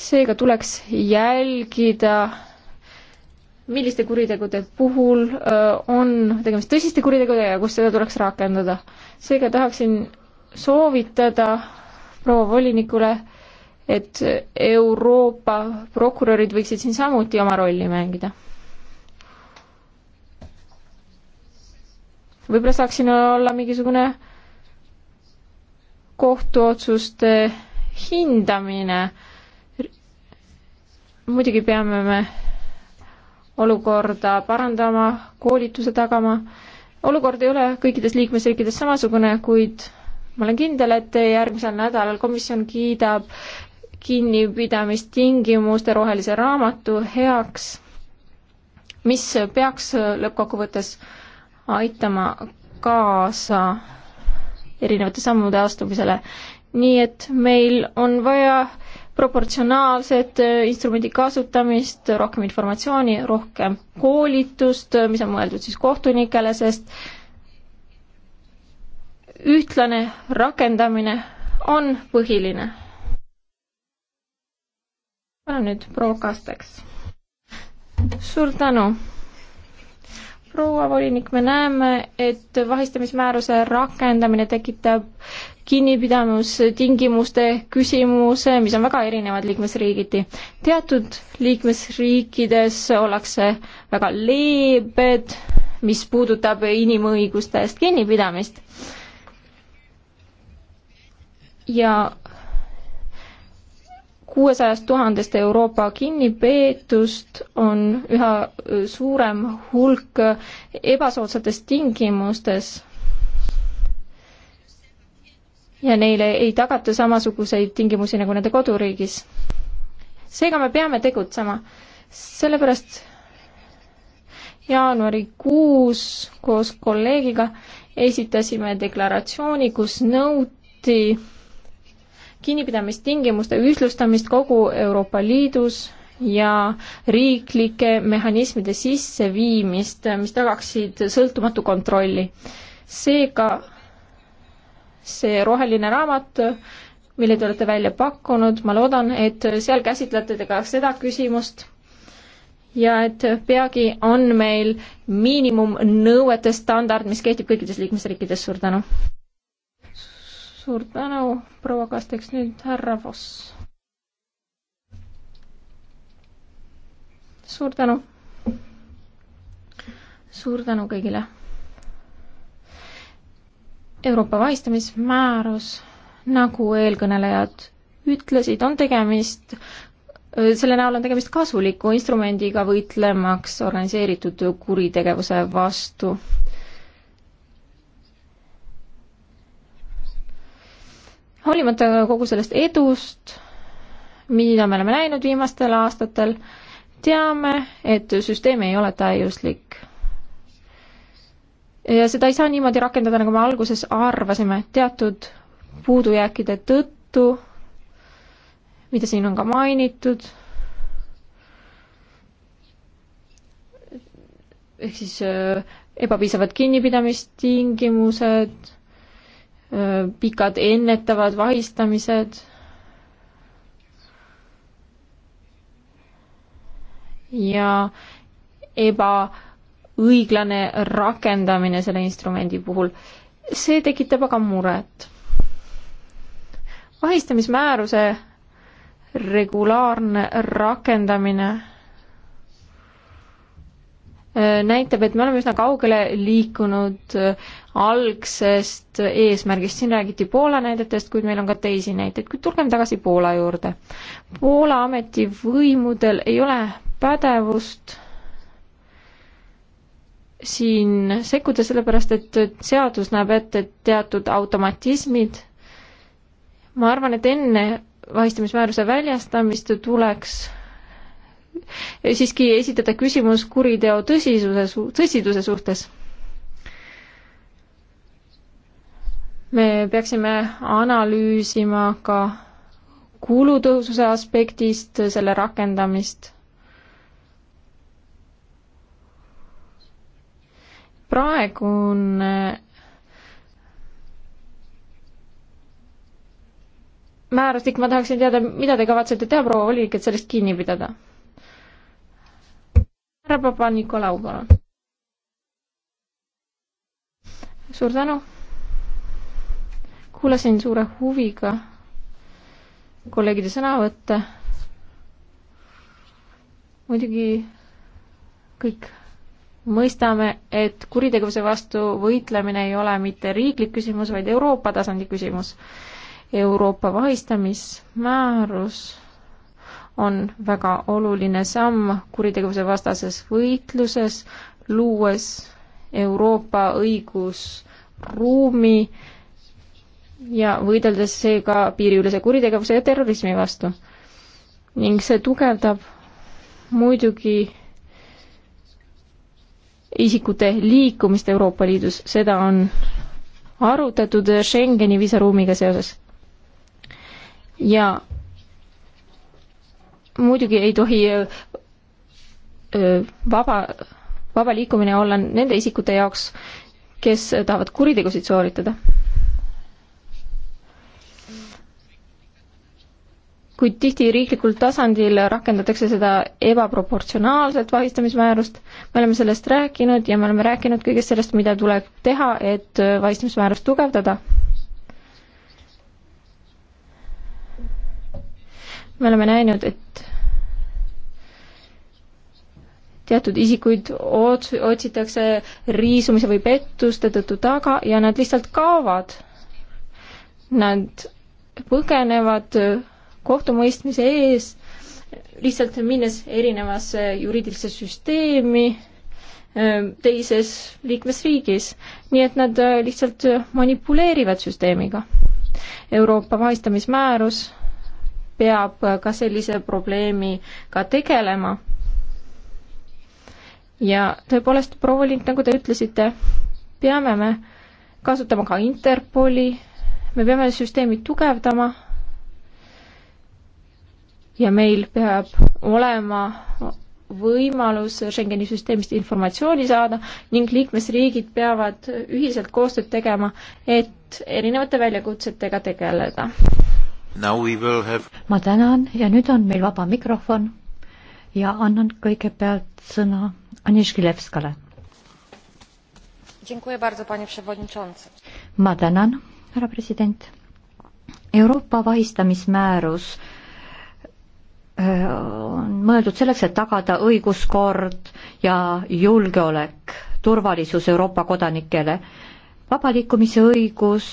seega tuleks jälgida, milliste kuritegude puhul on tegemist tõsiste kuritegudega ja kus seda tuleks rakendada. seega tahaksin soovitada proua volinikule, et Euroopa prokurörid võiksid siin samuti oma rolli mängida võib-olla saaksin olla mingisugune kohtuotsuste hindamine. muidugi peame me olukorda parandama, koolituse tagama. olukord ei ole kõikides liikmesriikides samasugune, kuid ma olen kindel, et järgmisel nädalal komisjon kiidab kinnipidamistingimuste rohelise raamatu heaks, mis peaks lõppkokkuvõttes äh, aitama kaasa erinevate sammude astumisele. nii et meil on vaja proportsionaalset äh, instrumendi kasutamist, rohkem informatsiooni, rohkem koolitust, äh, mis on mõeldud siis kohtunikele, sest ühtlane rakendamine on põhiline. palun nüüd proua Kasteks. suur tänu proua volinik, me näeme, et vahistamismääruse rakendamine tekitab kinnipidamistingimuste küsimuse, mis on väga erinevad liikmesriigiti. teatud liikmesriikides ollakse väga leebed, mis puudutab inimõiguste eest kinnipidamist. ja kuuesajast tuhandest Euroopa kinnipeetust on üha suurem hulk ebasoodsates tingimustes ja neile ei tagata samasuguseid tingimusi nagu nende koduriigis. seega me peame tegutsema, sellepärast jaanuarikuus koos kolleegiga esitasime deklaratsiooni, kus nõuti kinnipidamistingimuste ühtlustamist kogu Euroopa Liidus ja riiklike mehhanismide sisseviimist, mis tagaksid sõltumatu kontrolli. seega see roheline raamat, mille te olete välja pakkunud, ma loodan, et seal käsitlete te ka seda küsimust ja et peagi on meil miinimumnõuete standard, mis kehtib kõikides liikmesriikides, suur tänu! suur tänu, proua Kasteks, nüüd härra Voss. suur tänu. suur tänu kõigile. Euroopa vahistamismäärus, nagu eelkõnelejad ütlesid, on tegemist selle näol on tegemist kasuliku instrumendiga võitlemaks organiseeritud kuritegevuse vastu. hoolimata kogu sellest edust, mida me oleme näinud viimastel aastatel, teame, et süsteem ei ole täiuslik. ja seda ei saa niimoodi rakendada, nagu me alguses arvasime, teatud puudujääkide tõttu, mida siin on ka mainitud, ehk siis öö, äh, ebapiisavad kinnipidamistingimused, pikad ennetavad vahistamised ja ebaõiglane rakendamine selle instrumendi puhul. see tekitab aga muret. vahistamismääruse regulaarne rakendamine Äh, näitab, et me oleme üsna kaugele liikunud äh, algsest eesmärgist, siin räägiti Poola näidetest, kuid meil on ka teisi näiteid, kuid tulgem tagasi Poola juurde. Poola ametivõimudel ei ole pädevust siin sekkuda, sellepärast et seadus näeb ette teatud automatismid. ma arvan, et enne vahistamismääruse väljastamist tuleks siiski esitada küsimus kuriteo tõsisuse, tõsiduse suhtes. me peaksime analüüsima ka kulutõhususe aspektist selle rakendamist. praegune määrustik, ma tahaksin teada, mida te kavatsete teha, proua volinik, et sellest kinni pidada? härra Papa-Nikolau, palun. suur tänu. kuulasin suure huviga kolleegide sõnavõtte. muidugi kõik mõistame, et kuritegevuse vastu võitlemine ei ole mitte riiklik küsimus, vaid Euroopa tasandi küsimus. Euroopa vahistamismäärus on väga oluline samm kuritegevuse vastases võitluses, luues Euroopa õigusruumi ja võideldes seega piiriülese kuritegevuse ja terrorismi vastu. ning see tugevdab muidugi isikute liikumist Euroopa Liidus, seda on arutatud Schengeni viisaruumiga seoses. ja muidugi ei tohi vaba, vaba liikumine olla nende isikute jaoks, kes tahavad kuritegusid sooritada. kuid tihti riiklikul tasandil rakendatakse seda ebaproportsionaalset vahistamismäärust, me oleme sellest rääkinud ja me oleme rääkinud kõigest sellest, mida tuleb teha, et vahistamismäärust tugevdada me oleme näinud, et teatud isikuid ots-, otsitakse riisumise või pettuste tõttu taga ja nad lihtsalt kaovad. Nad põgenevad kohtumõistmise ees, lihtsalt minnes erinevasse juriidilisse süsteemi ähm, teises liikmesriigis, nii et nad äh, lihtsalt manipuleerivad süsteemiga. Euroopa vahistamismäärus peab ka sellise probleemiga tegelema. ja tõepoolest, proua Link, nagu te ütlesite, peame me kasutama ka Interpoli, me peame süsteemi tugevdama ja meil peab olema võimalus Schengeni süsteemist informatsiooni saada ning liikmesriigid peavad ühiselt koostööd tegema, et erinevate väljakutsetega tegeleda. Have... ma tänan ja nüüd on meil vaba mikrofon ja annan kõigepealt sõna Aniški Levskale. ma tänan, härra president. Euroopa vahistamismäärus äh, on mõeldud selleks, et tagada õiguskord ja julgeolek, turvalisus Euroopa kodanikele. vaba liikumise õigus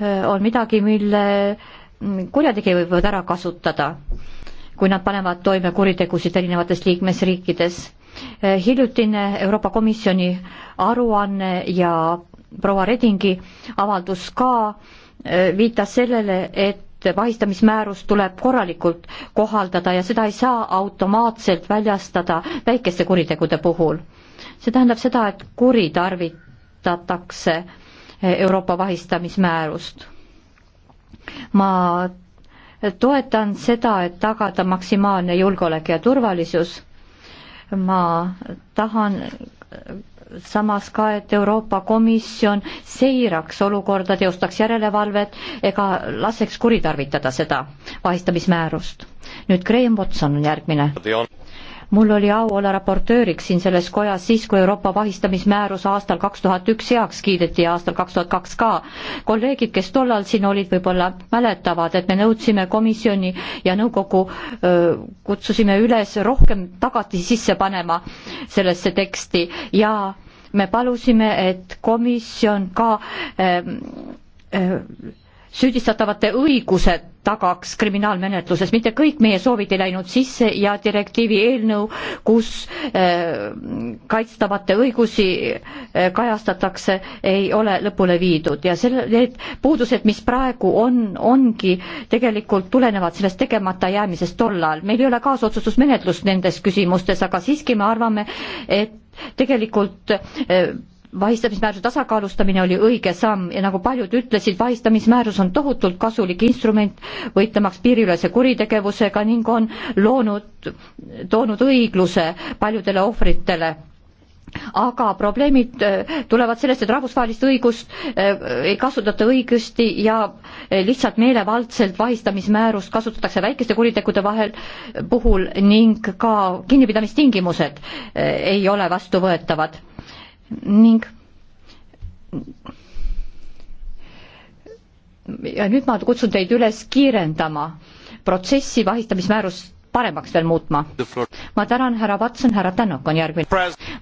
äh, on midagi, mille kurjategijad võivad ära kasutada, kui nad panevad toime kuritegusid erinevates liikmesriikides. Eh, hiljutine Euroopa Komisjoni aruanne ja proua Redingi avaldus ka eh, viitas sellele, et vahistamismäärus tuleb korralikult kohaldada ja seda ei saa automaatselt väljastada väikeste kuritegude puhul. see tähendab seda, et kuritarvitatakse eh, Euroopa vahistamismäärust ma toetan seda, et tagada maksimaalne julgeolek ja turvalisus. ma tahan samas ka, et Euroopa Komisjon seiraks olukorda, teostaks järelevalvet ega laseks kuritarvitada seda vahistamismäärust. nüüd Graham Watson on järgmine mul oli au olla raportööriks siin selles kojas siis, kui Euroopa vahistamismäärus aastal kaks tuhat üks heaks kiideti ja aastal kaks tuhat kaks ka. kolleegid, kes tollal siin olid, võib-olla mäletavad, et me nõudsime komisjoni ja nõukogu, kutsusime üles rohkem tagatisi sisse panema sellesse teksti ja me palusime, et komisjon ka äh, äh, süüdistatavate õigused tagaks kriminaalmenetluses, mitte kõik meie soovid ei läinud sisse ja direktiivi eelnõu, kus äh, kaitstavate õigusi äh, kajastatakse, ei ole lõpule viidud ja selle, need puudused, mis praegu on, ongi tegelikult tulenevad sellest tegemata jäämisest tollal. meil ei ole kaasotsustusmenetlust nendes küsimustes, aga siiski me arvame, et tegelikult äh, vahistamismääruse tasakaalustamine oli õige samm ja nagu paljud ütlesid, vahistamismäärus on tohutult kasulik instrument võitlemaks piiriülese kuritegevusega ning on loonud, toonud õigluse paljudele ohvritele aga probleemid äh, tulevad sellest, et rahvusvahelist õigust äh, ei kasutata õigesti ja äh, lihtsalt meelevaldselt vahistamismäärust kasutatakse väikeste kuritegude vahel, puhul ning ka kinnipidamistingimused ei ole vastuvõetavad ning ja nüüd ma kutsun teid üles kiirendama protsessi vahistamismäärust paremaks veel muutma. ma tänan, härra Watson, härra Tänak on järgmine.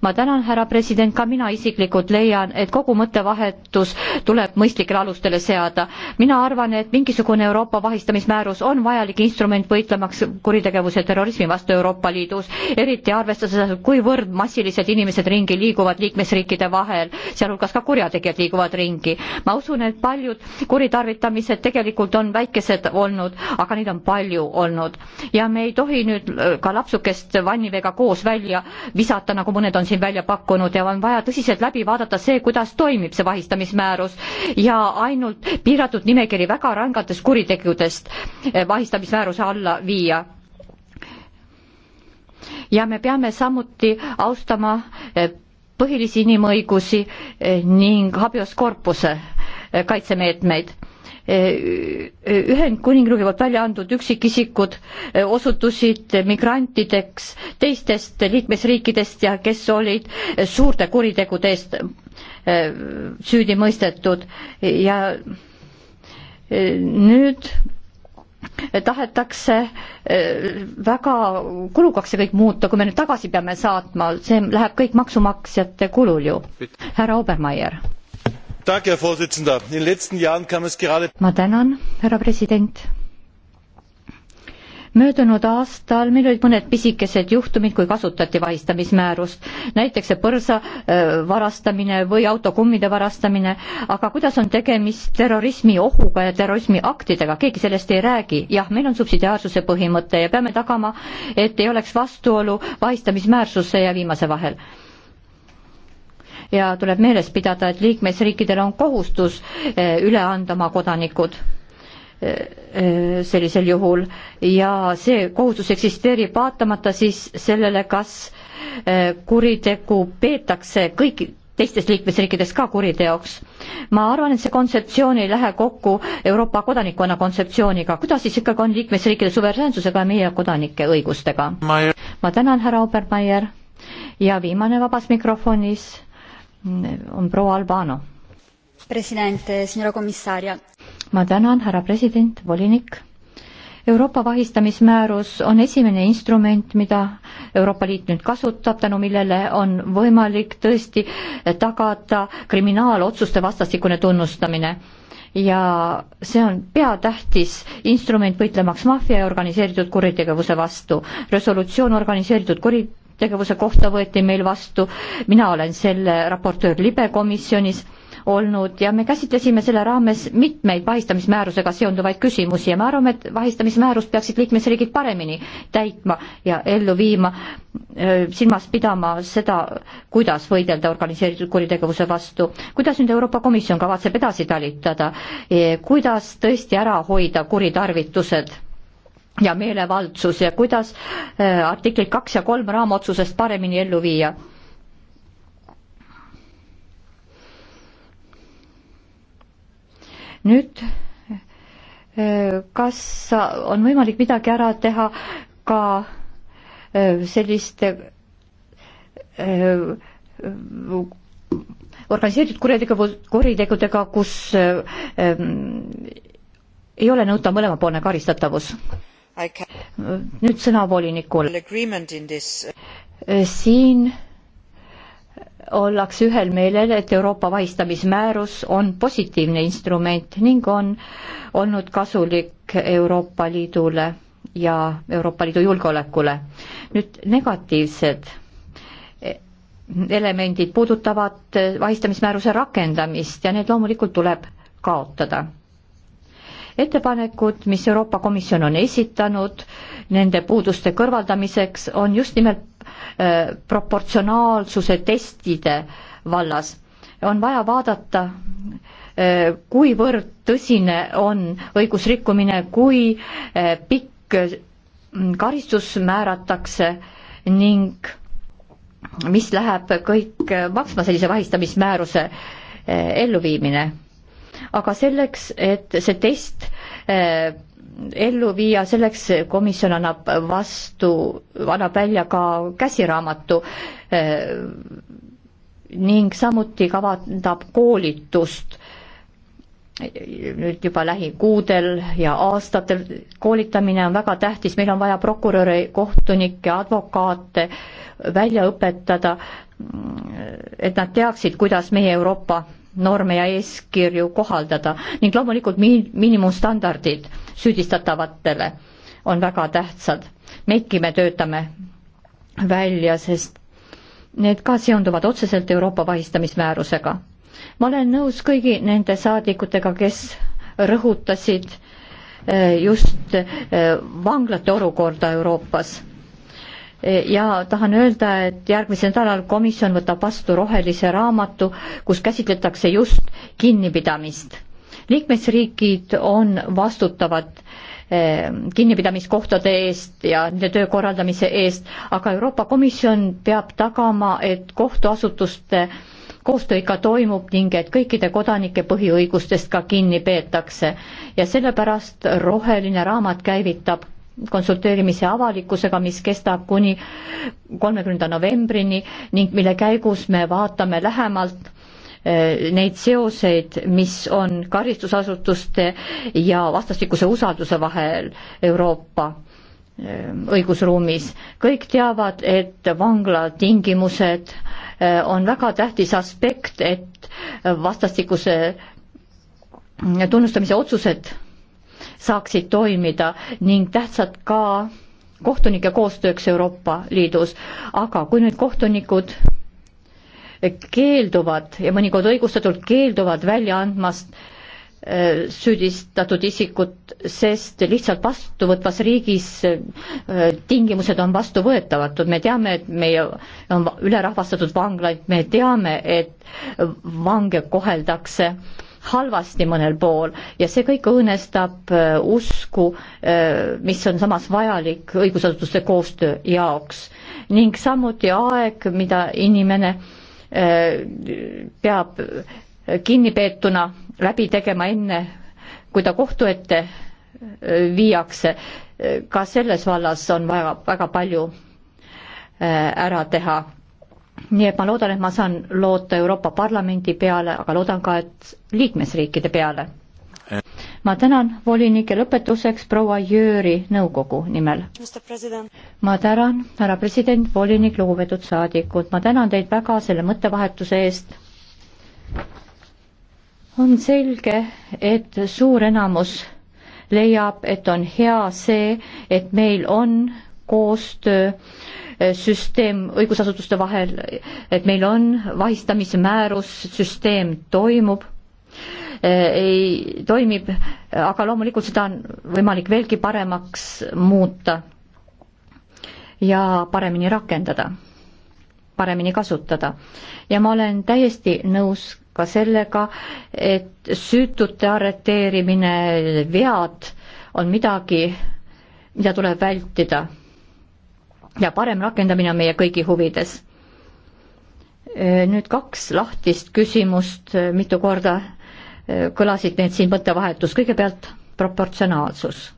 ma tänan, härra president, ka mina isiklikult leian, et kogu mõttevahetus tuleb mõistlikele alustele seada. mina arvan, et mingisugune Euroopa vahistamismäärus on vajalik instrument võitlemaks kuritegevuse ja terrorismi vastu Euroopa Liidus, eriti arvestades, kuivõrd massilised inimesed ringi liiguvad liikmesriikide vahel, sealhulgas ka kurjategijad liiguvad ringi. ma usun, et paljud kuritarvitamised tegelikult on väikesed olnud, aga neid on palju olnud ja me ei tohi tohi nüüd äh, ka lapsukest vanniveega koos välja visata, nagu mõned on siin välja pakkunud ja on vaja tõsiselt läbi vaadata see, kuidas toimib see vahistamismäärus ja ainult piiratud nimekiri väga rängatest kuritegudest äh, vahistamismääruse alla viia ja me peame samuti austama äh, põhilisi inimõigusi ning habeas corpuse kaitsemeetmeid Ühendkuningriigi poolt välja antud üksikisikud osutusid migrantideks teistest liikmesriikidest ja kes olid suurte kuritegude eest süüdi mõistetud ja nüüd tahetakse väga kulukaks see kõik muuta, kui me nüüd tagasi peame saatma, see läheb kõik maksumaksjate kulul ju. härra Obermeier ma tänan, härra president. möödunud aastal meil olid mõned pisikesed juhtumid, kui kasutati vahistamismäärust, näiteks see põrsa äh, varastamine või autokummide varastamine, aga kuidas on tegemist terrorismi ohuga ja terrorismi aktidega, keegi sellest ei räägi. jah, meil on subsidiaarsuse põhimõte ja peame tagama, et ei oleks vastuolu vahistamismäärsuse ja viimase vahel ja tuleb meeles pidada, et liikmesriikidel on kohustus eh, üle anda oma kodanikud eh, eh, sellisel juhul ja see kohustus eksisteerib vaatamata siis sellele, kas kuritegu peetakse kõik teistes liikmesriikides ka kuriteoks. ma arvan, et see kontseptsioon ei lähe kokku Euroopa kodanikkonna kontseptsiooniga, kuidas siis ikkagi on liikmesriikide suveräänsusega ja meie kodanike õigustega? ma tänan, härra Obermeier ja viimane vabas mikrofonis on proua Albano. president, signora commissaria. ma tänan, härra president, volinik. Euroopa vahistamismäärus on esimene instrument, mida Euroopa Liit nüüd kasutab, tänu millele on võimalik tõesti tagada kriminaalotsuste vastastikune tunnustamine ja see on peatähtis instrument võitlemaks maffia ja organiseeritud kuritegevuse vastu. resolutsioon organiseeritud kuri-, tegevuse kohta võeti meil vastu, mina olen selle raportöör libe komisjonis olnud ja me käsitlesime selle raames mitmeid vahistamismäärusega seonduvaid küsimusi ja me arvame, et vahistamismäärust peaksid liikmesriigid paremini täitma ja ellu viima, silmas pidama seda, kuidas võidelda organiseeritud kuritegevuse vastu. kuidas nüüd Euroopa Komisjon kavatseb edasi talitada, kuidas tõesti ära hoida kuritarvitused ja meelevaldsus ja kuidas äh, artiklid kaks ja kolm raamotsusest paremini ellu viia. nüüd, äh, kas on võimalik midagi ära teha ka äh, selliste organiseeritud kuritegu, kuritegudega, kus ähm, ei ole nõutav mõlemapoolne karistatavus? nüüd sõna volinikul. Uh, siin ollakse ühel meelel, et Euroopa vahistamismäärus on positiivne instrument ning on olnud kasulik Euroopa Liidule ja Euroopa Liidu julgeolekule. nüüd negatiivsed e, elemendid puudutavad e, vahistamismääruse rakendamist ja need loomulikult tuleb kaotada ettepanekud, mis Euroopa Komisjon on esitanud nende puuduste kõrvaldamiseks, on just nimelt äh, proportsionaalsuse testide vallas. on vaja vaadata äh,, kuivõrd tõsine on õigusrikkumine, kui äh, pikk mm, karistus määratakse ning mis läheb kõik äh, maksma sellise vahistamismääruse äh, elluviimine aga selleks, et see test eh, ellu viia, selleks komisjon annab vastu, annab välja ka käsiraamatu eh, ning samuti kavandab koolitust eh, nüüd juba lähikuudel ja aastatel. koolitamine on väga tähtis, meil on vaja prokuröre, kohtunikke, advokaate välja õpetada, mm, et nad teaksid, kuidas meie Euroopa norme ja eeskirju kohaldada ning loomulikult miin-, miinimumstandardid süüdistatavatele on väga tähtsad. neidki me töötame välja, sest need ka seonduvad otseselt Euroopa vahistamismäärusega. ma olen nõus kõigi nende saadikutega, kes rõhutasid eh, just eh, vanglate olukorda Euroopas ja tahan öelda, et järgmisel nädalal komisjon võtab vastu rohelise raamatu, kus käsitletakse just kinnipidamist. liikmesriigid on vastutavad eh, kinnipidamiskohtade eest ja nende töö korraldamise eest, aga Euroopa Komisjon peab tagama, et kohtuasutuste koostöö ikka toimub ning et kõikide kodanike põhiõigustest ka kinni peetakse ja sellepärast roheline raamat käivitab konsulteerimise avalikkusega, mis kestab kuni kolmekümnenda novembrini ning mille käigus me vaatame lähemalt eh, neid seoseid, mis on karistusasutuste ja vastastikuse usalduse vahel Euroopa eh, õigusruumis. kõik teavad, et vanglatingimused eh, on väga tähtis aspekt, et vastastikuse tunnustamise otsused saaksid toimida ning tähtsad ka kohtunike koostööks Euroopa Liidus. aga kui nüüd kohtunikud keelduvad ja mõnikord õigustatult keelduvad välja andmast äh, süüdistatud isikut, sest lihtsalt vastuvõtvas riigis äh, tingimused on vastuvõetamatud, me teame, et meie on ülerahvastatud vanglaid, me teame, et vange koheldakse äh, halvasti mõnel pool ja see kõik õõnestab äh, usku, äh, mis on samas vajalik õigusasutuste koostöö jaoks ning samuti aeg, mida inimene äh, peab kinnipeetuna läbi tegema enne, kui ta kohtu ette viiakse, ka selles vallas on vaja väga palju ära teha nii et ma loodan, et ma saan loota Euroopa Parlamendi peale, aga loodan ka, et liikmesriikide peale. ma tänan volinike lõpetuseks proua Jüri nõukogu nimel. ma tänan, härra president, volinik, lugupeetud saadikud, ma tänan teid väga selle mõttevahetuse eest. on selge, et suur enamus leiab, et on hea see, et meil on koostöö äh, Eh, süsteem õigusasutuste vahel, et meil on vahistamise määrus, süsteem toimub, eh, ei, toimib, aga loomulikult seda on võimalik veelgi paremaks muuta ja paremini rakendada, paremini kasutada. ja ma olen täiesti nõus ka sellega, et süütute arreteerimine, vead on midagi, mida tuleb vältida ja parem rakendamine on meie kõigi huvides. nüüd kaks lahtist küsimust, mitu korda kõlasid need siin mõttevahetus, kõigepealt proportsionaalsus.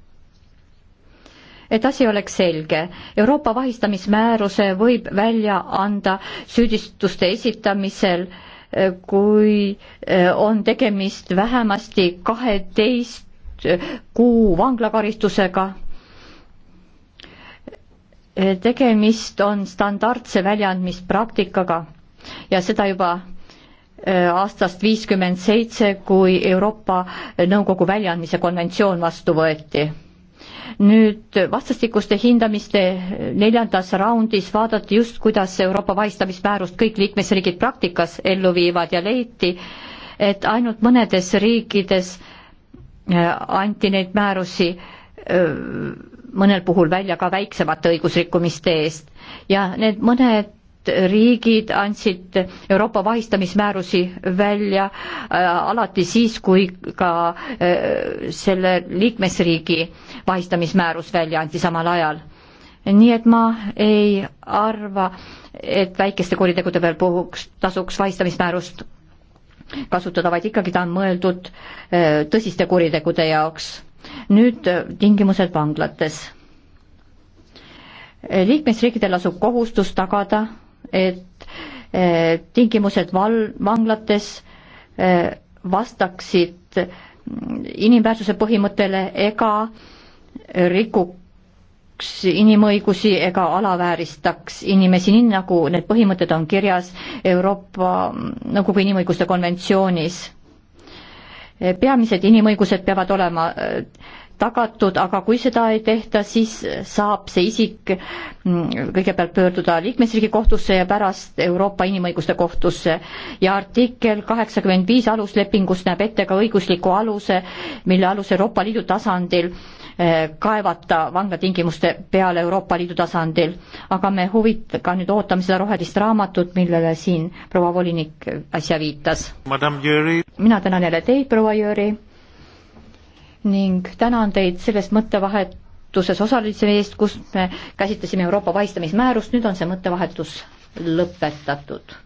et asi oleks selge, Euroopa vahistamismääruse võib välja anda süüdistuste esitamisel kui on tegemist vähemasti kaheteist kuu vanglakaristusega Äh, tegemist on standardse väljaandmispraktikaga ja seda juba äh, aastast viiskümmend seitse, kui Euroopa Nõukogu väljaandmise konventsioon vastu võeti. nüüd vastastikuste hindamiste neljandas raundis vaadati just, kuidas Euroopa vahistamismäärust kõik liikmesriigid praktikas ellu viivad ja leiti, et ainult mõnedes riikides äh, anti neid määrusi öö, mõnel puhul välja ka väiksemate õigusrikkumiste eest ja need mõned riigid andsid Euroopa vahistamismäärusi välja äh, alati siis, kui ka äh, selle liikmesriigi vahistamismäärus välja anti samal ajal nii et ma ei arva, et väikeste kuritegude peal puhuks tasuks vahistamismäärust kasutada, vaid ikkagi ta on mõeldud äh, tõsiste kuritegude jaoks nüüd äh, tingimused vanglates. Äh, liikmesriikidel asub kohustus tagada, et äh, tingimused val-, vanglates vastaksid inimväärsuse põhimõttele ega rikuks inimõigusi ega alavääristaks inimesi, nii nagu need põhimõtted on kirjas Euroopa Nõukogu inimõiguste konventsioonis peamised inimõigused peavad olema äh, tagatud, aga kui seda ei tehta, siis saab see isik mm, kõigepealt pöörduda liikmesriigi kohtusse ja pärast Euroopa Inimõiguste Kohtusse. ja artikkel kaheksakümmend viis aluslepingus näeb ette ka õigusliku aluse, mille alus Euroopa Liidu tasandil eh, kaevata vanglatingimuste peale Euroopa Liidu tasandil. aga me huvit-, ka nüüd ootame seda rohelist raamatut, millele siin proua volinik äsja viitas. mina tänan jälle teid, proua Jüri ning tänan teid sellest mõttevahetuses osalemise eest, kus me käsitlesime Euroopa vahistamismäärust, nüüd on see mõttevahetus lõpetatud